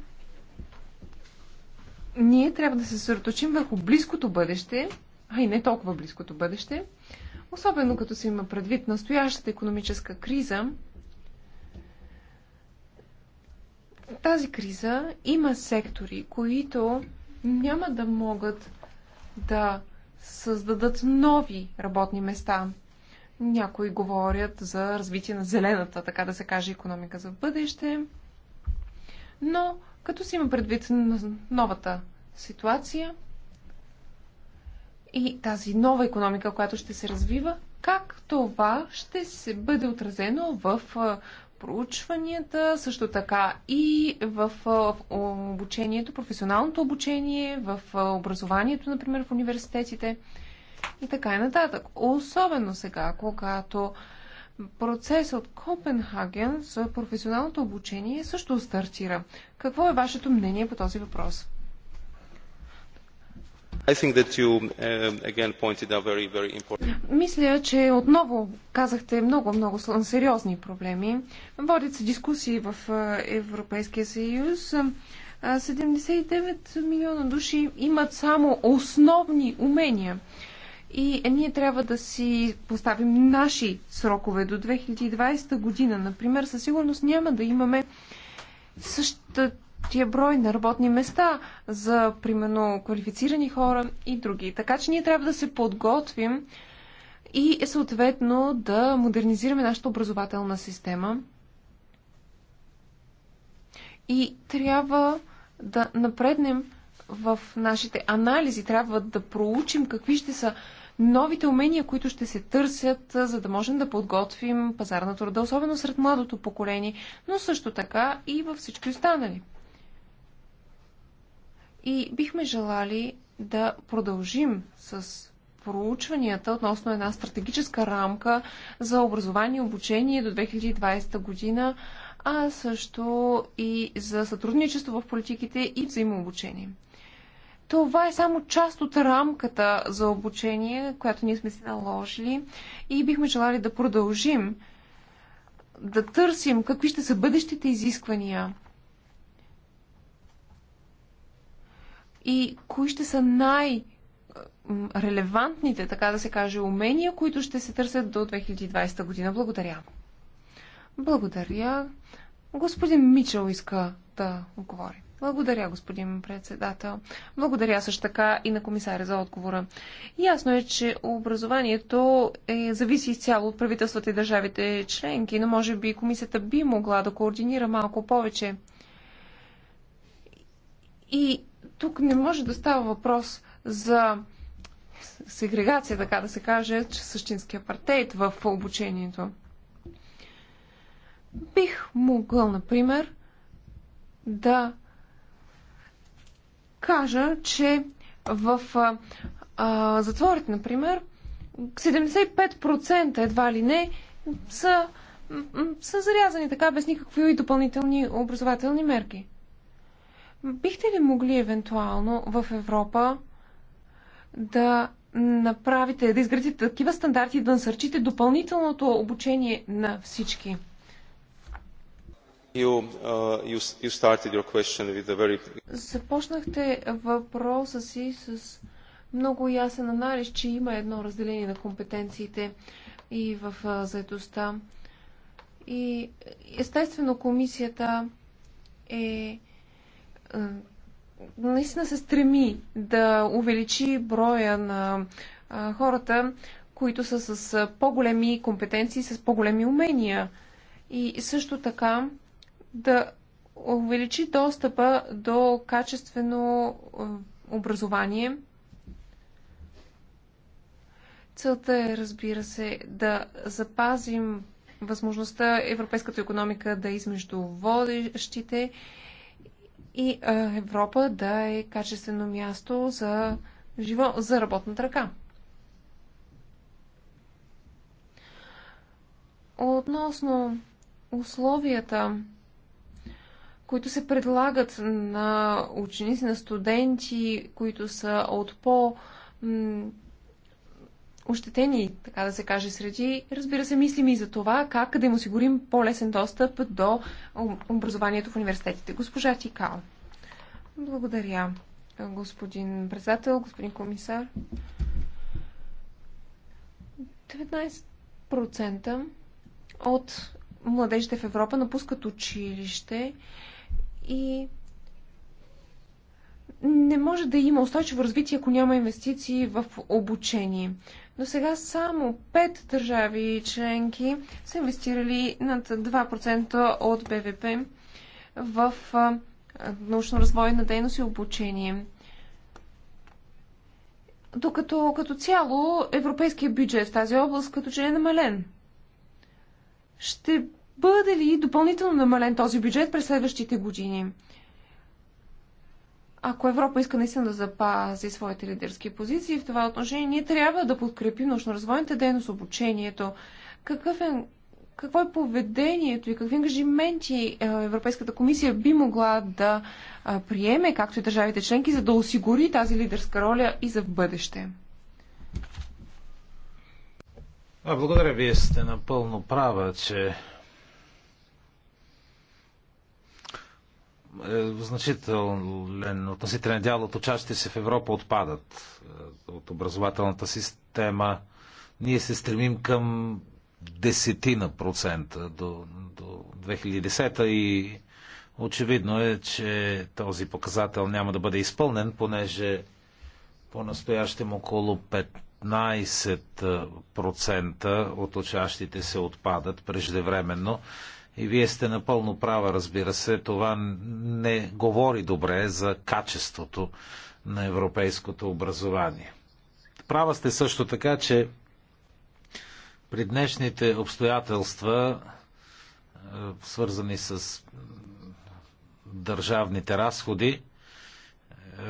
ние трябва да се съсредоточим върху близкото бъдеще, а и не толкова близкото бъдеще, особено като се има предвид настоящата економическа криза, тази криза има сектори, които няма да могат да създадат нови работни места. Някои говорят за развитие на зелената, така да се каже, економика за бъдеще. Но, като си има предвид новата ситуация и тази нова економика, която ще се развива, как това ще се бъде отразено в проучванията, също така и в обучението, професионалното обучение, в образованието, например, в университетите и така и нататък. Особено сега, когато процесът от Копенхаген за професионалното обучение също стартира. Какво е вашето мнение по този въпрос? Uh, Мисля, че отново казахте много, много сериозни проблеми. Водят се дискусии в Европейския съюз. 79 милиона души имат само основни умения. И е, ние трябва да си поставим наши срокове до 2020 година. Например, със сигурност няма да имаме същата тия брой на работни места за, примерно, квалифицирани хора и други. Така че ние трябва да се подготвим и съответно да модернизираме нашата образователна система. И трябва да напреднем в нашите анализи, трябва да проучим какви ще са новите умения, които ще се търсят, за да можем да подготвим пазарната труда, особено сред младото поколение, но също така и във всички останали. И бихме желали да продължим с проучванията относно една стратегическа рамка за образование и обучение до 2020 година, а също и за сътрудничество в политиките и взаимообучение. Това е само част от рамката за обучение, която ние сме се наложили и бихме желали да продължим да търсим какви ще са бъдещите изисквания и кои ще са най- релевантните, така да се каже, умения, които ще се търсят до 2020 година. Благодаря. Благодаря. Господин Мичел иска да отговори. Благодаря, господин председател. Благодаря също така и на комисаря за отговора. Ясно е, че образованието е, зависи изцяло от правителствата и държавите членки, но може би комисията би могла да координира малко повече. И тук не може да става въпрос за сегрегация, така да се каже, че същинския апартеид в обучението. Бих могъл, например, да кажа, че в а, а, затворите, например, 75% едва ли не са, са зарязани така без никакви допълнителни образователни мерки. Бихте ли могли евентуално в Европа да направите, да изградите такива стандарти, да насърчите допълнителното обучение на всички? You, uh, you very... Започнахте въпроса си с много ясен анализ, че има едно разделение на компетенциите и в uh, заедостта. И естествено комисията е е, наистина се стреми да увеличи броя на хората, които са с по-големи компетенции, с по-големи умения. И също така да увеличи достъпа до качествено образование. Целта е, разбира се, да запазим възможността европейската економика да е измежду водещите и Европа да е качествено място за, живо, за работната ръка. Относно условията, които се предлагат на ученици, на студенти, които са от по- ощетени, така да се каже, среди. Разбира се, мислим и за това как да им осигурим по-лесен достъп до образованието в университетите. Госпожа Тикао. Благодаря, господин председател, господин комисар. 19% от младежите в Европа напускат училище и не може да има устойчиво развитие, ако няма инвестиции в обучение. До сега само 5 държави членки са инвестирали над 2% от БВП в научно-развойна дейност и обучение. Докато като цяло европейския бюджет в тази област като че е намален. Ще бъде ли допълнително намален този бюджет през следващите години? ако Европа иска наистина да запази своите лидерски позиции в това отношение, ние трябва да подкрепим научно-развойната дейност, обучението. Какъв е, какво е поведението и какви ангажименти е, Европейската комисия би могла да е, приеме, както и държавите членки, за да осигури тази лидерска роля и за в бъдеще? А, благодаря, вие сте напълно права, че Е значителен относителен дял от учащите се в Европа отпадат е, от образователната система. Ние се стремим към десетина процента до, до 2010 и очевидно е, че този показател няма да бъде изпълнен, понеже по-настоящем около 15% от учащите се отпадат преждевременно. И вие сте напълно права, разбира се. Това не говори добре за качеството на европейското образование. Права сте също така, че при днешните обстоятелства, е, свързани с държавните разходи, е,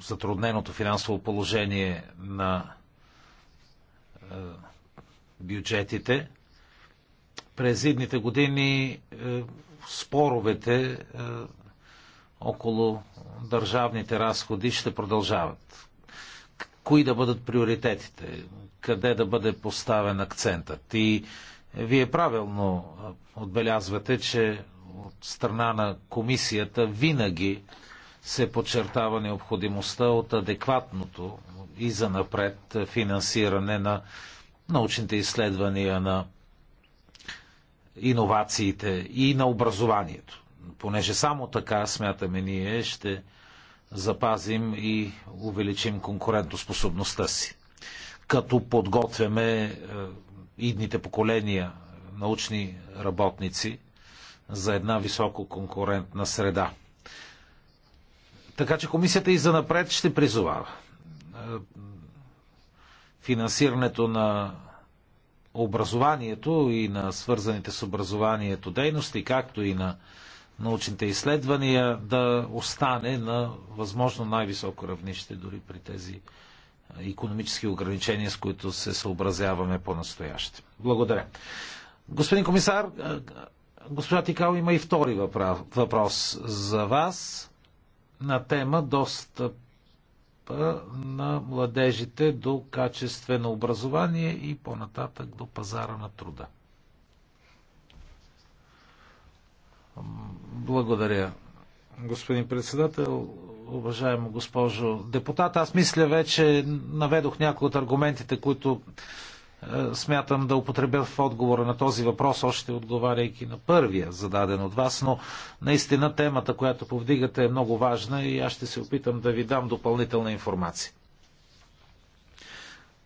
затрудненото финансово положение на е, бюджетите, през едните години е, споровете е, около държавните разходи ще продължават. Кои да бъдат приоритетите? Къде да бъде поставен акцентът? И вие правилно е, отбелязвате, че от страна на комисията винаги се подчертава необходимостта от адекватното и занапред финансиране на научните изследвания на иновациите и на образованието. Понеже само така, смятаме ние, ще запазим и увеличим конкурентоспособността си. Като подготвяме е, идните поколения научни работници за една високо конкурентна среда. Така че комисията и за напред ще призовава е, финансирането на образованието и на свързаните с образованието дейности, както и на научните изследвания, да остане на възможно най-високо равнище, дори при тези економически ограничения, с които се съобразяваме по-настояще. Благодаря. Господин комисар, госпожа Тикал има и втори въпрос за вас на тема достъп на младежите до качествено образование и по-нататък до пазара на труда. Благодаря, господин председател. Уважаема госпожо депутат, аз мисля вече наведох някои от аргументите, които е, смятам да употребя в отговора на този въпрос, още отговаряйки на първия, зададен от вас, но наистина темата, която повдигате е много важна и аз ще се опитам да ви дам допълнителна информация.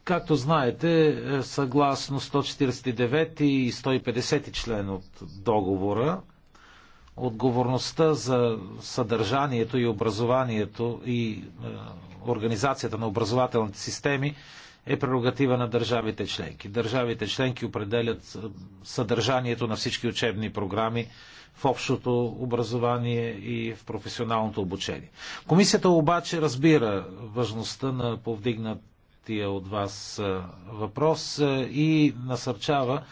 Както знаете, е, съгласно 149 и 150 член от договора, отговорността за съдържанието и образованието и е, организацията на образователните системи е прерогатива на държавите членки. Държавите членки определят съдържанието на всички учебни програми в общото образование и в професионалното обучение. Комисията обаче разбира важността на повдигнатия от вас въпрос и насърчава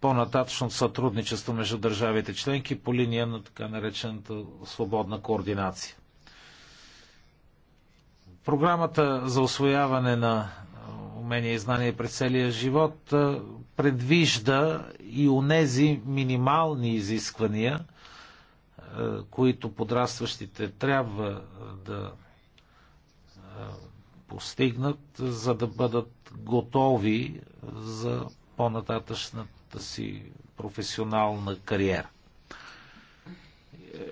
по-нататъчно сътрудничество между държавите членки по линия на така наречената свободна координация. Програмата за освояване на умения и знания през целия живот предвижда и онези минимални изисквания, които подрастващите трябва да постигнат, за да бъдат готови за по-нататъчната си професионална кариера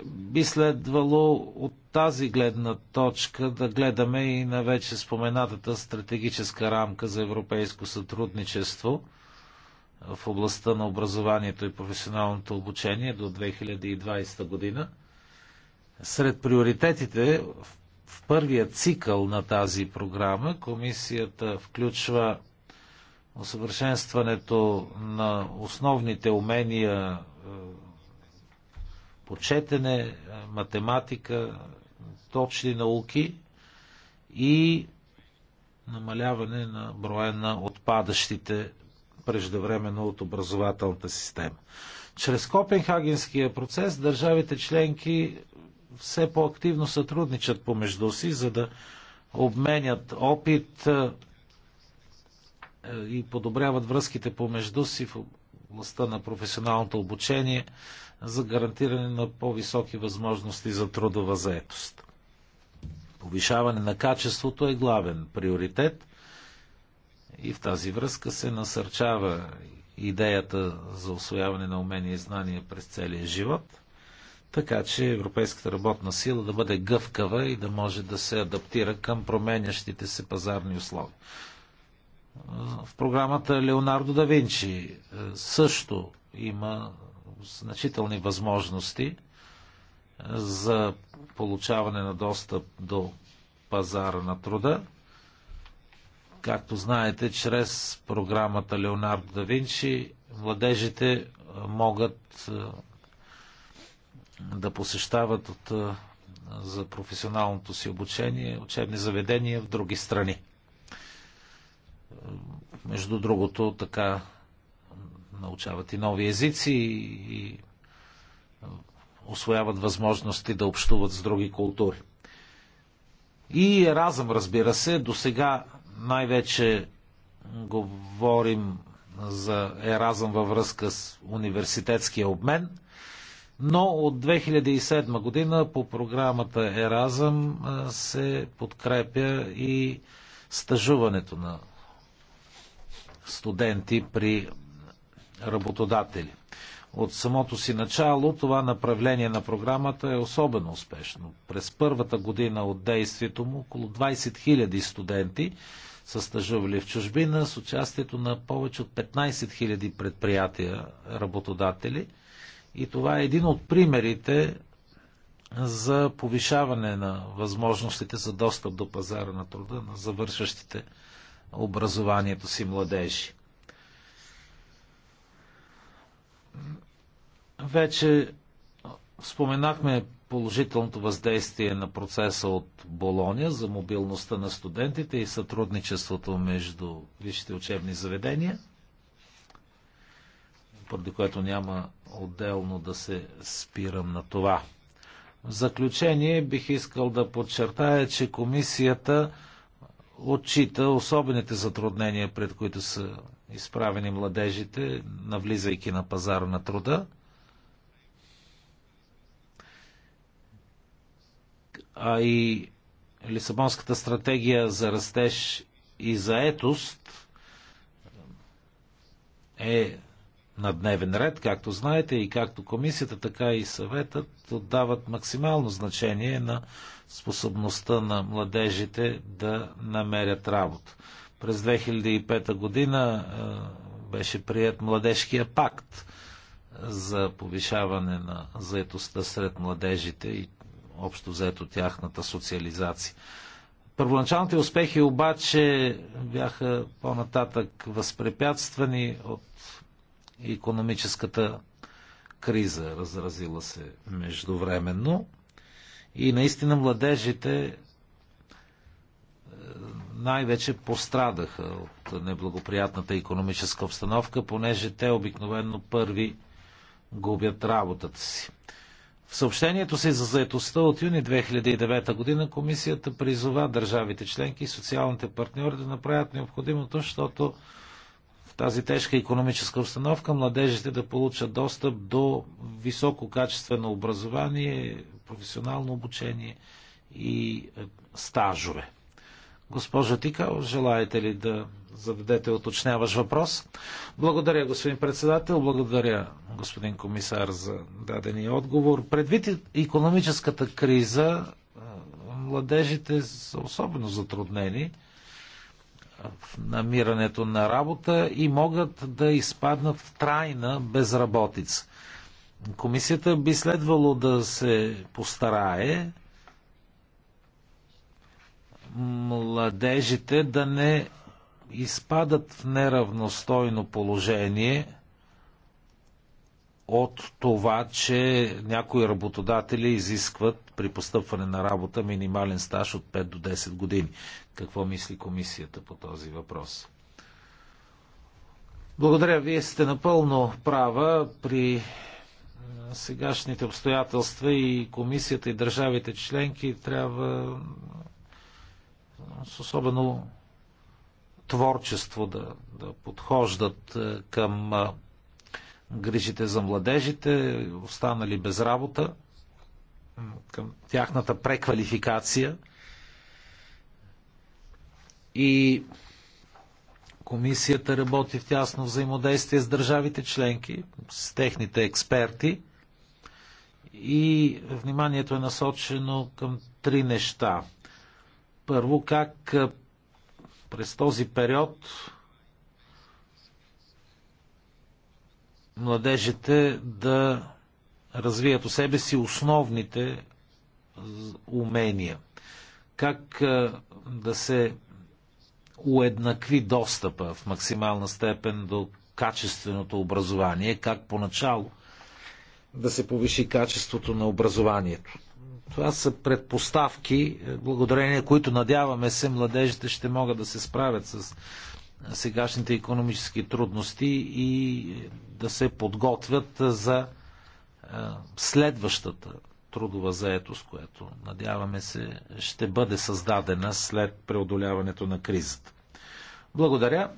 би следвало от тази гледна точка да гледаме и на вече споменатата стратегическа рамка за европейско сътрудничество в областта на образованието и професионалното обучение до 2020 година. Сред приоритетите в първия цикъл на тази програма комисията включва усъвършенстването на основните умения почетене, е, математика, точни науки и намаляване на броя на отпадащите преждевременно от образователната система. Чрез Копенхагенския процес държавите членки все по-активно сътрудничат помежду си, за да обменят опит е, е, и подобряват връзките помежду си в областта на професионалното обучение – за гарантиране на по-високи възможности за трудова заетост. Повишаване на качеството е главен приоритет и в тази връзка се насърчава идеята за освояване на умения и знания през целия живот, така че европейската работна сила да бъде гъвкава и да може да се адаптира към променящите се пазарни условия. В програмата Леонардо да Винчи е, също има значителни възможности за получаване на достъп до пазара на труда. Както знаете, чрез програмата Леонардо да Винчи младежите могат да посещават от, за професионалното си обучение учебни заведения в други страни. Между другото, така научават и нови езици и освояват възможности да общуват с други култури. И разъм, разбира се, до сега най-вече говорим за Еразъм във връзка с университетския обмен, но от 2007 година по програмата Еразъм се подкрепя и стажуването на студенти при работодатели. От самото си начало това направление на програмата е особено успешно. През първата година от действието му около 20 000 студенти са стъжували в чужбина с участието на повече от 15 000 предприятия работодатели. И това е един от примерите за повишаване на възможностите за достъп до пазара на труда на завършващите образованието си младежи. Вече споменахме положителното въздействие на процеса от Болония за мобилността на студентите и сътрудничеството между висшите учебни заведения, поради което няма отделно да се спирам на това. В заключение бих искал да подчертая, че комисията отчита особените затруднения, пред които са изправени младежите, навлизайки на пазара на труда. А и Лисабонската стратегия за растеж и заетост е на дневен ред, както знаете, и както комисията, така и съветът отдават максимално значение на способността на младежите да намерят работа. През 2005 година беше прият младежкия пакт за повишаване на заетостта сред младежите и общо заето тяхната социализация. Първоначалните успехи обаче бяха по-нататък възпрепятствани от економическата криза, разразила се междувременно. И наистина младежите най-вече пострадаха от неблагоприятната економическа обстановка, понеже те обикновенно първи губят работата си. В съобщението си за заетостта от юни 2009 година комисията призова държавите членки и социалните партньори да направят необходимото, защото в тази тежка економическа обстановка младежите да получат достъп до високо качествено образование, професионално обучение и е, стажове. Госпожо Тикал, желаете ли да зададете уточняваш въпрос? Благодаря, господин председател. Благодаря, господин комисар, за дадения отговор. Предвид економическата криза, младежите са особено затруднени в намирането на работа и могат да изпаднат в трайна безработица. Комисията би следвало да се постарае младежите да не изпадат в неравностойно положение от това, че някои работодатели изискват при постъпване на работа минимален стаж от 5 до 10 години. Какво мисли комисията по този въпрос? Благодаря, вие сте напълно права при сегашните обстоятелства и комисията и държавите членки трябва с особено творчество да, да подхождат е, към е, грижите за младежите, останали без работа, към тяхната преквалификация. И комисията работи в тясно взаимодействие с държавите членки, с техните експерти. И вниманието е насочено към три неща – първо, как през този период младежите да развият у себе си основните умения. Как да се уеднакви достъпа в максимална степен до качественото образование, как поначало да се повиши качеството на образованието. Това са предпоставки, благодарение които надяваме се младежите ще могат да се справят с сегашните економически трудности и да се подготвят за е, следващата трудова заетост, която надяваме се ще бъде създадена след преодоляването на кризата. Благодаря.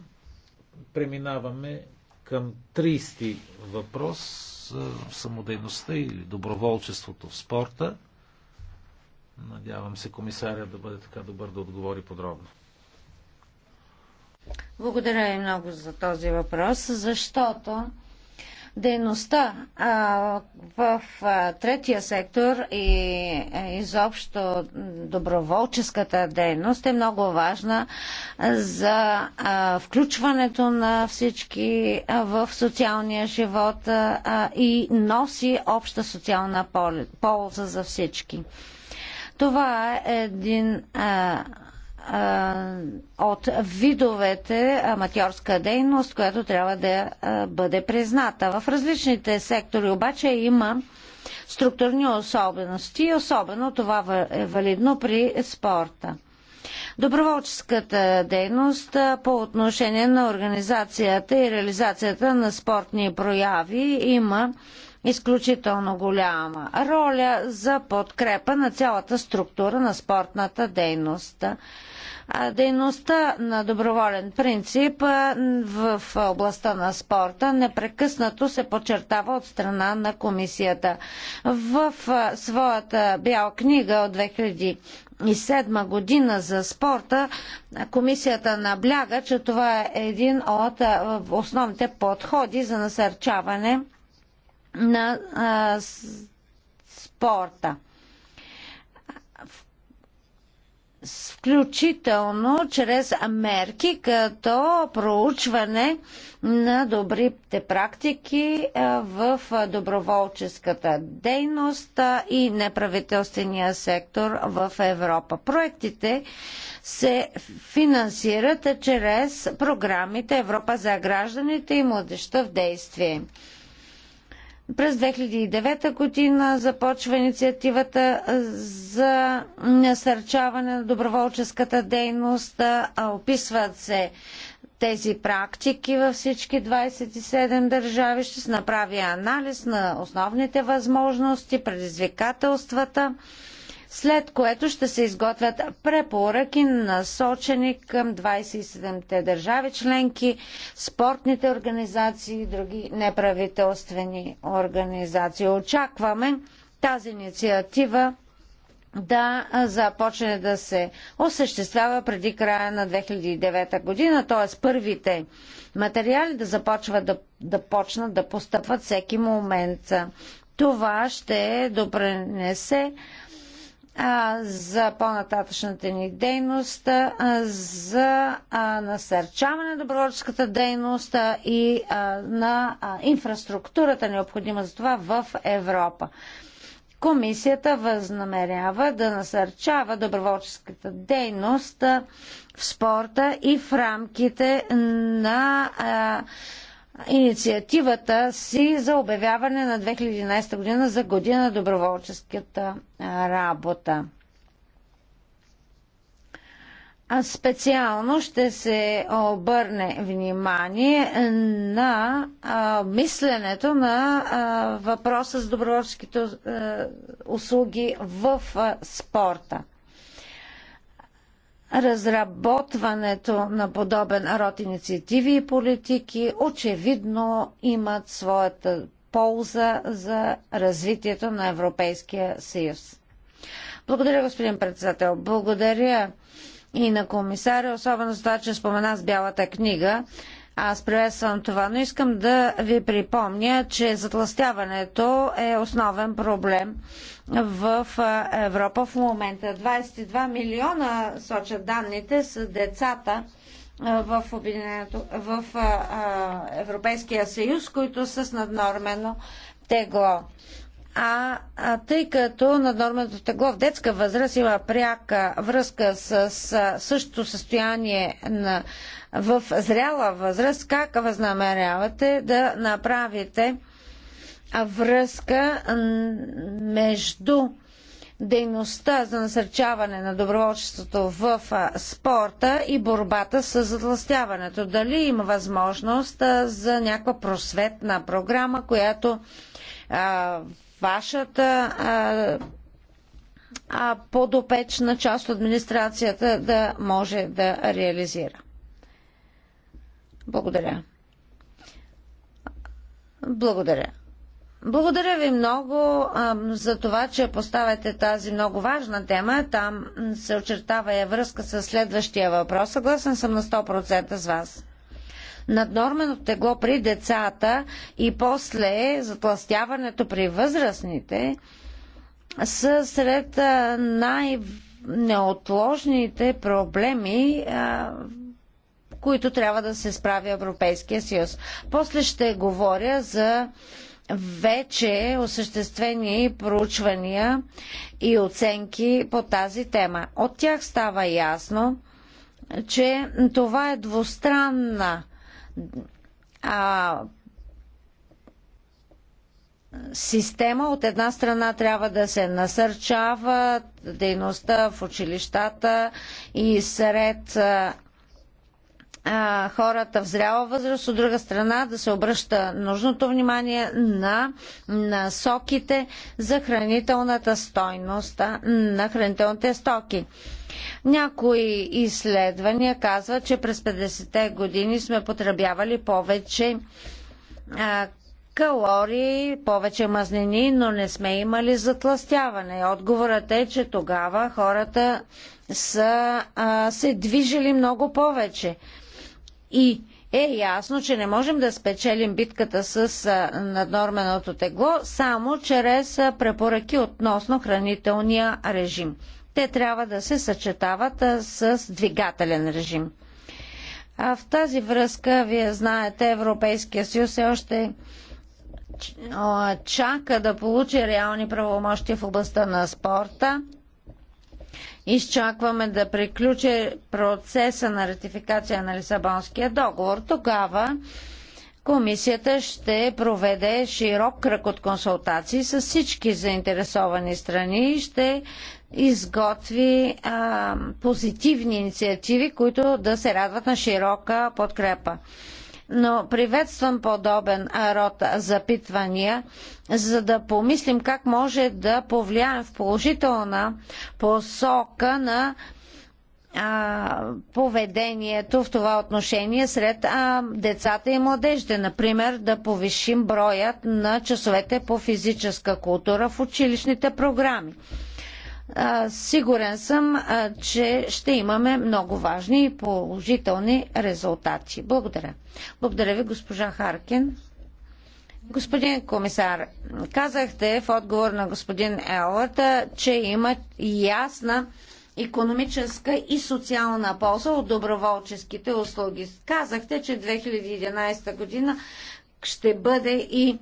Преминаваме към 30 въпрос е, самодейността или доброволчеството в спорта. Надявам се комисаря да бъде така добър да отговори подробно. Благодаря и много за този въпрос, защото дейността а, в а, третия сектор и а, изобщо доброволческата дейност е много важна за а, включването на всички а, в социалния живот а, и носи обща социална полза за всички. Това е един а, а, от видовете аматьорска дейност, която трябва да а, бъде призната. В различните сектори обаче има структурни особености и особено това е валидно при спорта. Доброволческата дейност по отношение на организацията и реализацията на спортни прояви има изключително голяма роля за подкрепа на цялата структура на спортната дейност. Дейността на доброволен принцип в областта на спорта непрекъснато се подчертава от страна на комисията. В своята бял книга от 2007 година за спорта комисията набляга, че това е един от основните подходи за насърчаване на а, спорта. Включително чрез мерки като проучване на добрите практики в доброволческата дейност и неправителствения сектор в Европа. Проектите се финансират чрез програмите Европа за гражданите и младеща в действие. През 2009 година започва инициативата за насърчаване на доброволческата дейност. Описват се тези практики във всички 27 държави. Ще се направи анализ на основните възможности, предизвикателствата след което ще се изготвят препоръки насочени към 27-те държави членки, спортните организации и други неправителствени организации. Очакваме тази инициатива да започне да се осъществява преди края на 2009 година, т.е. първите материали да започват да, да почнат да постъпват всеки момент. Това ще допренесе за по-нататъчната ни дейност, за насърчаване на доброволческата дейност и на инфраструктурата необходима за това в Европа. Комисията възнамерява да насърчава доброволческата дейност в спорта и в рамките на инициативата си за обявяване на 2011 година за година на доброволческата работа. А специално ще се обърне внимание на а, мисленето на а, въпроса с доброволческите а, услуги в а, спорта разработването на подобен род инициативи и политики очевидно имат своята полза за развитието на Европейския съюз. Благодаря, господин председател. Благодаря и на комисаря, особено за това, че спомена с Бялата книга. Аз приветствам това, но искам да ви припомня, че затластяването е основен проблем в Европа в момента. 22 милиона, сочат данните, са децата в, в Европейския съюз, които са с наднормено тегло. А, а тъй като наднорменото тегло в детска възраст има пряка връзка с, с същото състояние на, в зряла възраст, как възнамерявате да направите връзка между дейността за насърчаване на доброволчеството в спорта и борбата с затластяването. Дали има възможност за някаква просветна програма, която а, вашата а, а, подопечна част от администрацията да може да реализира. Благодаря. Благодаря. Благодаря ви много а, за това, че поставяте тази много важна тема. Там се очертава я е връзка с следващия въпрос. Съгласен съм на 100% с вас наднорменото тегло при децата и после затластяването при възрастните са сред най-неотложните проблеми, които трябва да се справи Европейския съюз. После ще говоря за вече осъществени проучвания и оценки по тази тема. От тях става ясно, че това е двустранна а, система. От една страна трябва да се насърчава дейността в училищата и сред а, хората в зряла възраст, от друга страна да се обръща нужното внимание на насоките за хранителната стойност на хранителните стоки. Някои изследвания казват, че през 50-те години сме потребявали повече а, калории, повече мазнини, но не сме имали затластяване. Отговорът е, че тогава хората са а, се движили много повече. И е ясно, че не можем да спечелим битката с наднорменото тегло само чрез препоръки относно хранителния режим те трябва да се съчетават с двигателен режим. А в тази връзка, вие знаете, Европейския съюз все още чака да получи реални правомощи в областта на спорта. Изчакваме да приключи процеса на ратификация на Лисабонския договор. Тогава комисията ще проведе широк кръг от консултации с всички заинтересовани страни и ще изготви а, позитивни инициативи, които да се радват на широка подкрепа. Но приветствам подобен род запитвания, за да помислим как може да повлияем в положителна посока на поведението в това отношение сред а, децата и младежите. Например, да повишим броят на часовете по физическа култура в училищните програми. Сигурен съм, че ще имаме много важни и положителни резултати. Благодаря. Благодаря ви, госпожа Харкин. Господин комисар, казахте в отговор на господин Елът, че има ясна економическа и социална полза от доброволческите услуги. Казахте, че 2011 година ще бъде и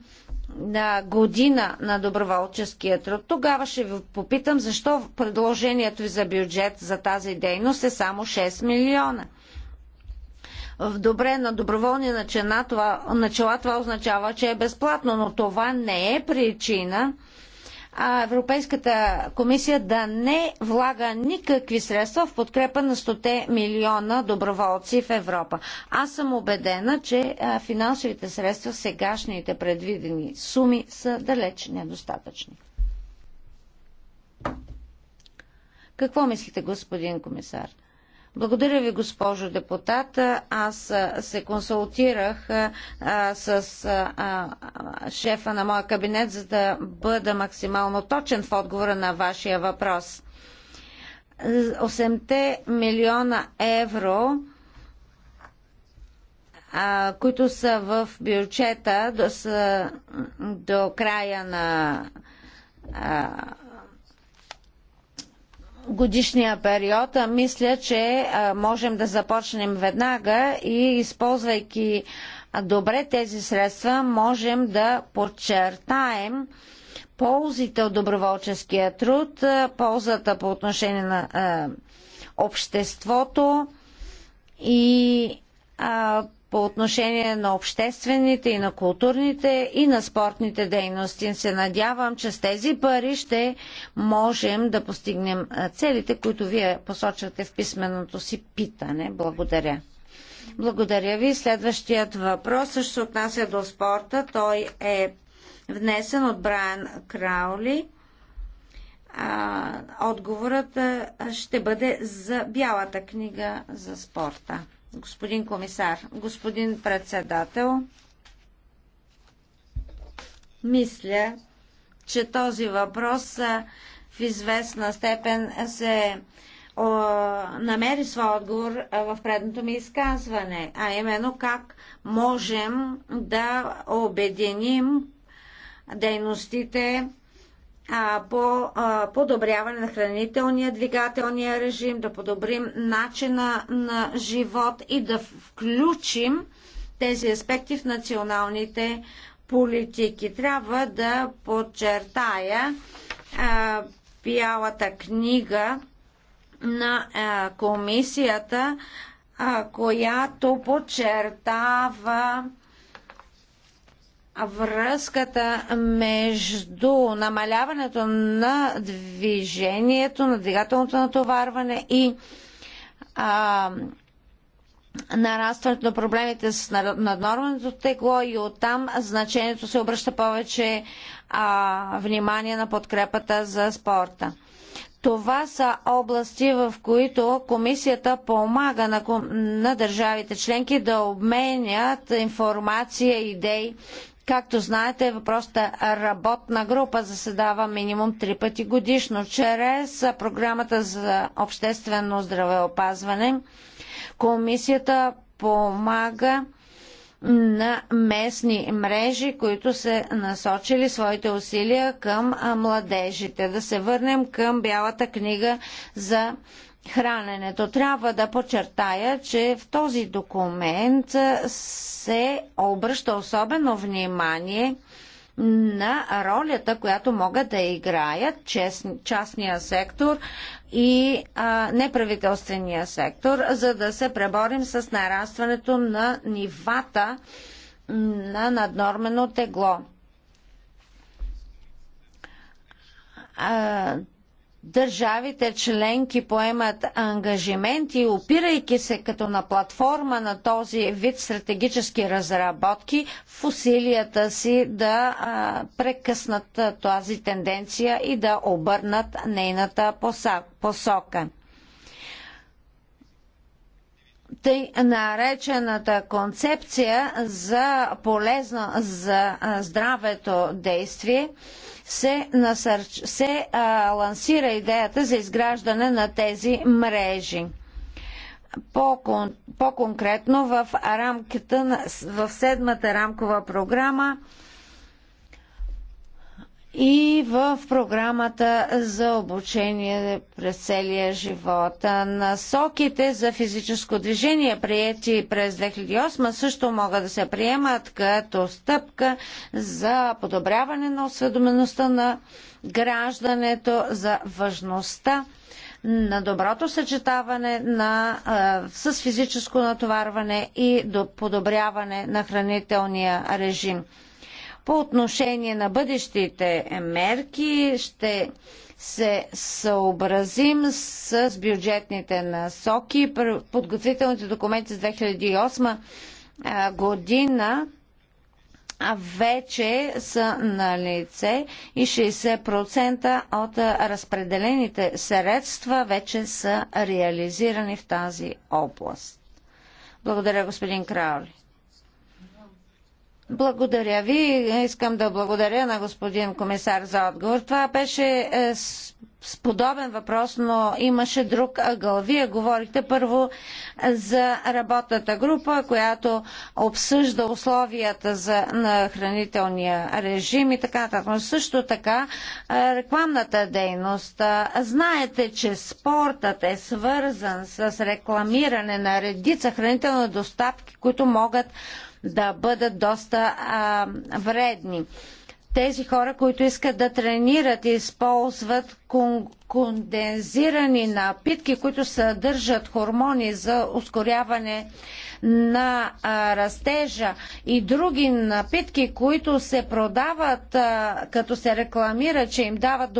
на година на доброволческия труд, тогава ще ви попитам защо предложението ви за бюджет за тази дейност е само 6 милиона. В добре на доброволни начала това, начала това означава, че е безплатно, но това не е причина а Европейската комисия да не влага никакви средства в подкрепа на 100 милиона доброволци в Европа. Аз съм убедена, че финансовите средства в сегашните предвидени суми са далеч недостатъчни. Какво мислите, господин комисар? Благодаря ви, госпожо депутат. Аз се консултирах с а, шефа на моя кабинет, за да бъда максимално точен в отговора на вашия въпрос. 8 милиона евро а, които са в бюджета до, са, до края на а, годишния период, а мисля, че можем да започнем веднага и използвайки добре тези средства, можем да подчертаем ползите от доброволческия труд, ползата по отношение на обществото и по отношение на обществените и на културните и на спортните дейности. Се надявам, че с тези пари ще можем да постигнем целите, които вие посочвате в писменото си питане. Благодаря. Благодаря ви. Следващият въпрос също се отнася до спорта. Той е внесен от Брайан Краули. А, отговорът ще бъде за бялата книга за спорта господин комисар, господин председател. Мисля, че този въпрос в известна степен се о, намери своя отговор в предното ми изказване, а именно как можем да обединим дейностите по подобряване на хранителния, двигателния режим, да подобрим начина на живот и да включим тези аспекти в националните политики. Трябва да подчертая а, бялата книга на а, комисията, а, която подчертава връзката между намаляването на движението, на двигателното натоварване и а, нарастването на проблемите с наднорменото тегло и оттам значението се обръща повече а, внимание на подкрепата за спорта. Това са области, в които комисията помага на, на държавите членки да обменят информация, идеи Както знаете, е работна група заседава минимум три пъти годишно чрез програмата за обществено здравеопазване. Комисията помага на местни мрежи, които са насочили своите усилия към младежите. Да се върнем към Бялата книга за храненето. Трябва да подчертая, че в този документ се обръща особено внимание на ролята, която могат да играят частния сектор и неправителствения сектор, за да се преборим с нарастването на нивата на наднормено тегло държавите членки поемат ангажименти, опирайки се като на платформа на този вид стратегически разработки в усилията си да а, прекъснат тази тенденция и да обърнат нейната посока. Тъй наречената концепция за полезно за здравето действие – се, насърч... се а, лансира идеята за изграждане на тези мрежи. По-конкретно в рамката на... в седмата рамкова програма и в програмата за обучение през целия живот. Насоките за физическо движение, приети през 2008, също могат да се приемат като стъпка за подобряване на осведомеността на граждането за важността на доброто съчетаване на, а, с физическо натоварване и до подобряване на хранителния режим. По отношение на бъдещите мерки ще се съобразим с бюджетните насоки, подготвителните документи за 2008 година вече са на лице и 60% от разпределените средства вече са реализирани в тази област. Благодаря, господин Краули. Благодаря ви. Искам да благодаря на господин комисар за отговор. Това беше е, с подобен въпрос, но имаше друг ъгъл. Вие говорихте първо за работната група, която обсъжда условията за, на хранителния режим и така нататък. Но също така е, рекламната дейност. Е, знаете, че спортът е свързан с рекламиране на редица хранителни доставки, които могат да бъдат доста а, вредни. Тези хора, които искат да тренират, използват кон- кондензирани напитки, които съдържат хормони за ускоряване на а, растежа и други напитки, които се продават, а, като се рекламира, че им дават,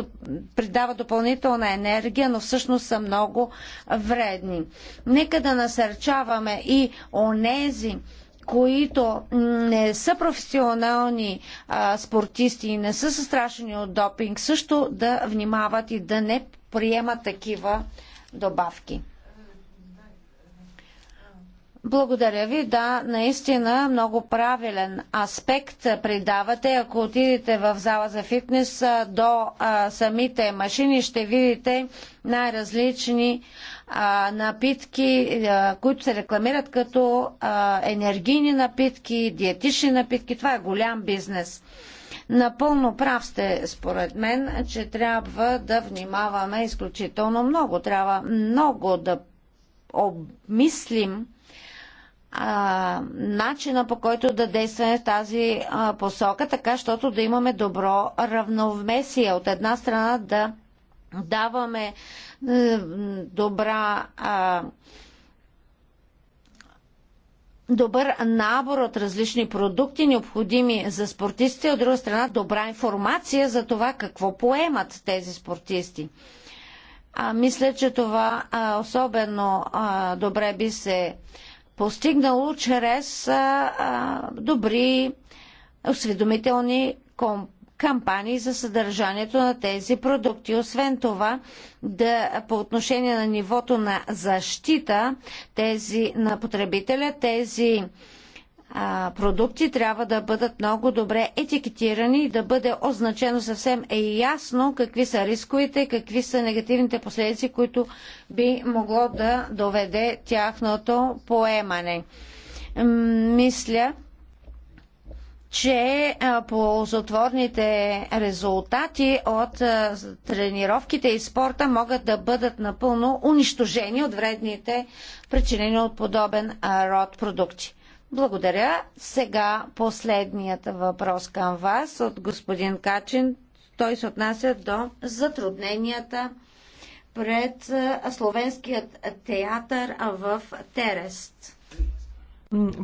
придават допълнителна енергия, но всъщност са много вредни. Нека да насърчаваме и онези, които не са професионални а, спортисти и не са застрашени от допинг, също да внимават и да не приемат такива добавки. Благодаря ви. Да, наистина много правилен аспект придавате. Ако отидете в зала за фитнес до а, самите машини, ще видите най-различни напитки, а, които се рекламират като а, енергийни напитки, диетични напитки. Това е голям бизнес. Напълно прав сте, според мен, че трябва да внимаваме изключително много. Трябва много да обмислим начина по който да действаме в тази а, посока, така щото да имаме добро равновесие. От една страна да даваме е, добра а, добър набор от различни продукти, необходими за спортистите, от друга страна добра информация за това какво поемат тези спортисти. А, мисля, че това а, особено а, добре би се а, постигнало чрез а, а, добри осведомителни кампании за съдържанието на тези продукти. Освен това, да, по отношение на нивото на защита тези, на потребителя, тези а, продукти трябва да бъдат много добре етикетирани и да бъде означено съвсем е ясно какви са рисковете, какви са негативните последици, които би могло да доведе тяхното поемане. Мисля, че ползотворните резултати от тренировките и спорта могат да бъдат напълно унищожени от вредните, причинени от подобен род продукти. Благодаря. Сега последният въпрос към вас от господин Качин. Той се отнася до затрудненията пред Словенският театър в Терест.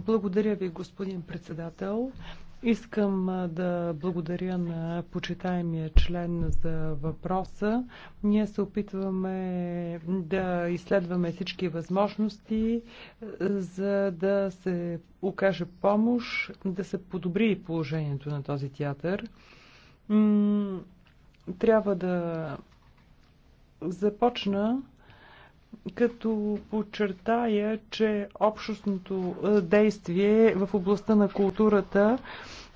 Благодаря ви, господин председател. Искам да благодаря на почитаемия член за въпроса. Ние се опитваме да изследваме всички възможности, за да се окаже помощ, да се подобри положението на този театър. Трябва да започна като подчертая, че общностното е, действие в областта на културата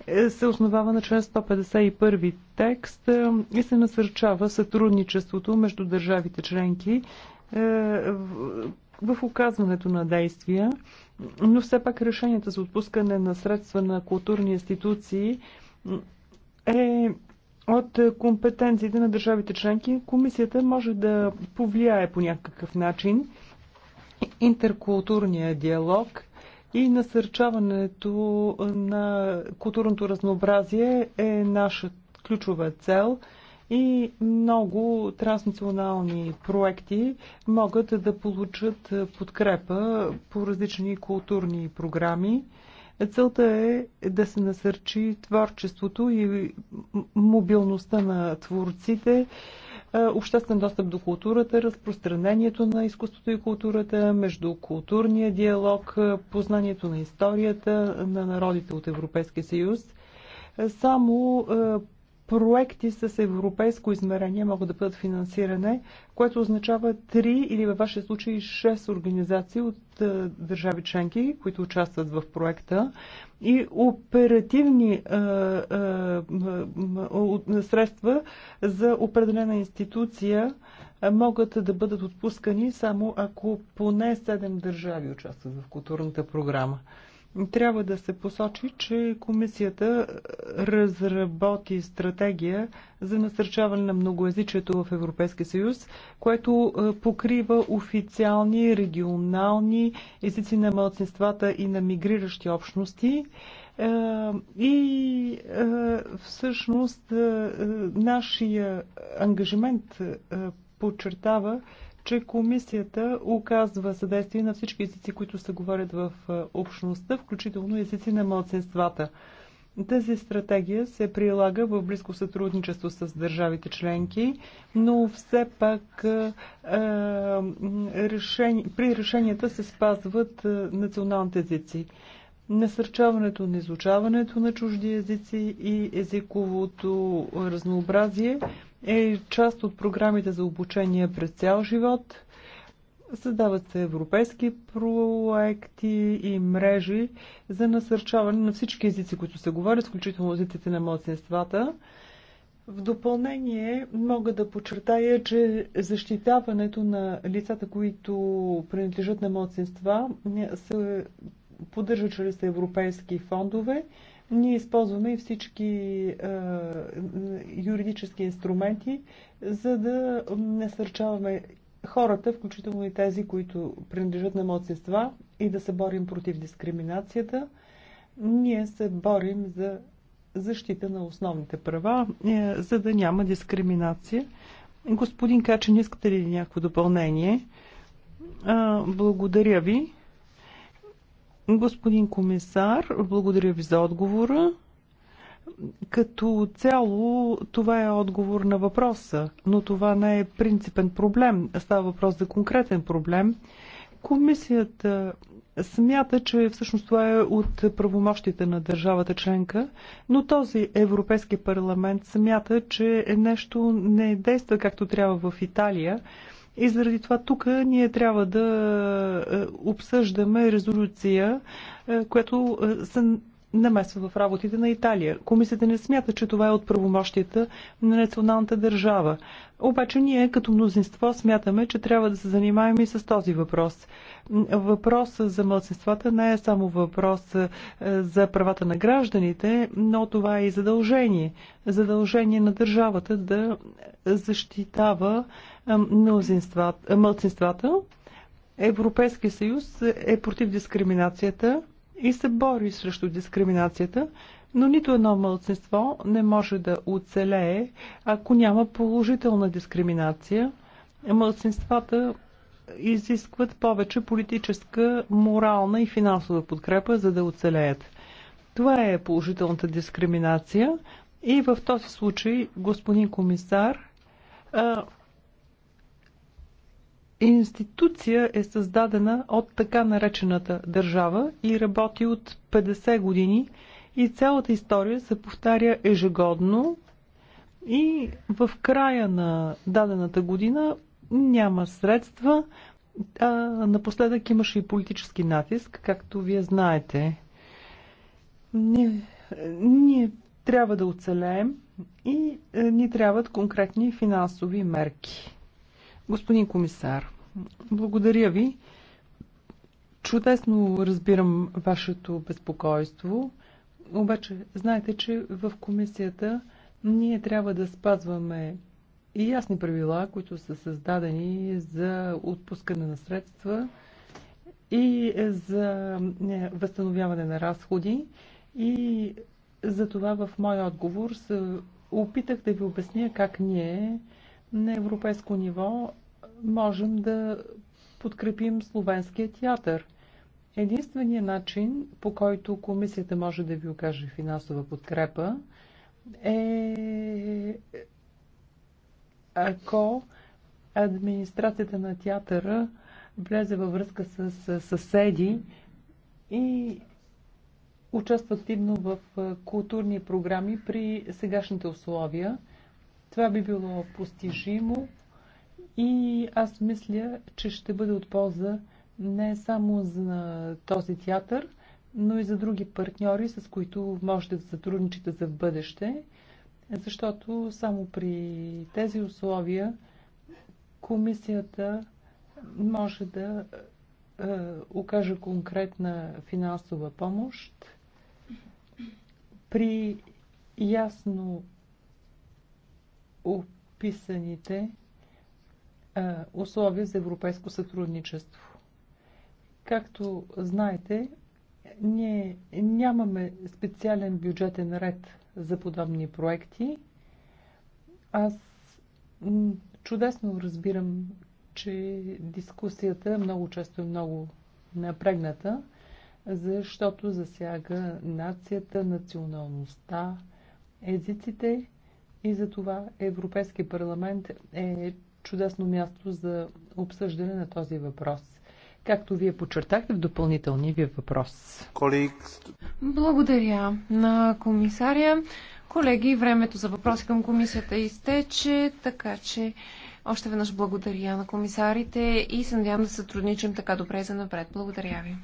е, се основава на член 151 текст е, и се насърчава сътрудничеството между държавите членки в оказването на действия, но все пак решението за отпускане на средства на културни институции е от е, компетенциите на държавите членки, комисията може да повлияе по някакъв начин интеркултурния диалог и насърчаването е, на културното разнообразие е наша ключова цел и много транснационални проекти могат да получат е, подкрепа по различни културни програми. Целта е да се насърчи творчеството и мобилността на творците, е, обществен достъп до културата, разпространението на изкуството и културата, междукултурния диалог, е, познанието на историята на народите от Европейския съюз. Е, само проекти с европейско измерение могат да бъдат финансиране, което означава 3 или във вашия случай 6 организации от е, държави членки, които участват в проекта и оперативни а, е, а, е, средства за определена институция могат да бъдат отпускани само ако поне седем държави участват в културната програма трябва да се посочи, че комисията разработи стратегия за насърчаване на многоязичието в Европейския съюз, което е, покрива официални регионални езици на младсинствата и на мигриращи общности. Е, и е, всъщност нашия ангажимент подчертава, че комисията оказва съдействие на всички езици, които се говорят в общността, включително езици на младсинствата. Тази стратегия се прилага в близко сътрудничество с държавите членки, но все пак е, решени, при решенията се спазват националните езици. Насърчаването на изучаването на чужди езици и езиковото разнообразие е част от програмите за обучение през цял живот. Създават се европейски проекти и мрежи за насърчаване на всички езици, които се говорят, включително езиците на младсинствата. В допълнение мога да подчертая, че защитаването на лицата, които принадлежат на младсинства, се поддържа чрез европейски фондове. Ние използваме всички е, юридически инструменти, за да насърчаваме хората, включително и тези, които принадлежат на младсинства, и да се борим против дискриминацията. Ние се борим за защита на основните права, е, за да няма дискриминация. Господин Качен, искате ли някакво допълнение? благодаря ви. Господин комисар, благодаря ви за отговора. Като цяло това е отговор на въпроса, но това не е принципен проблем. Става въпрос за конкретен проблем. Комисията смята, че всъщност това е от правомощите на държавата членка, но този Европейски парламент смята, че нещо не действа както трябва в Италия. И заради това тук ние трябва да е, обсъждаме резолюция, е, която е, се намесва в работите на Италия. Комисията не смята, че това е от правомощията на националната държава. Обаче ние като мнозинство смятаме, че трябва да се занимаем и с този въпрос. Въпрос за младсинствата не е само въпрос е, за правата на гражданите, но това е и задължение. Задължение на държавата да защитава е, младсинствата. Европейския съюз е против дискриминацията и се бори срещу дискриминацията, но нито едно мълцинство не може да оцелее, ако няма положителна дискриминация. Мълцинствата изискват повече политическа, морална и финансова подкрепа, за да оцелеят. Това е положителната дискриминация и в този случай, господин комисар, институция е създадена от така наречената държава и работи от 50 години и цялата история се повтаря ежегодно и в края на дадената година няма средства. А, напоследък имаше и политически натиск, както вие знаете. Ние, ние трябва да оцелеем и е, ни трябват конкретни финансови мерки. Господин комисар, благодаря ви. Чудесно разбирам вашето безпокойство, обаче знаете, че в комисията ние трябва да спазваме и ясни правила, които са създадени за отпускане на средства и за е, възстановяване на разходи. И за това в моя отговор се опитах да ви обясня как ние на европейско ниво можем да подкрепим словенския театър. Единственият начин, по който комисията може да ви окаже финансова подкрепа, е ако администрацията на театъра влезе във връзка с съседи и участва активно в културни програми при сегашните условия. Това би било постижимо и аз мисля, че ще бъде от полза не само за този театър, но и за други партньори, с които можете да сътрудничите за в бъдеще, защото само при тези условия комисията може да е, окаже конкретна финансова помощ при ясно описаните е, условия за европейско сътрудничество. Както знаете, ние нямаме специален бюджетен ред за подобни проекти. Аз чудесно разбирам, че дискусията много често е много напрегната, защото засяга нацията, националността, езиците и затова Европейски парламент е чудесно място за обсъждане на този въпрос. Както вие подчертахте в допълнителния ви въпрос. Благодаря на комисаря. Колеги, времето за въпроси към комисията изтече, така че още веднъж благодаря на комисарите и се надявам да сътрудничим така добре за напред. Благодаря ви.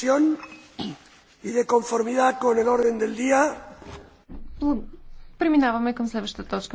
comisión y de conformidad con el orden del día. Преминаваме към следващата точка.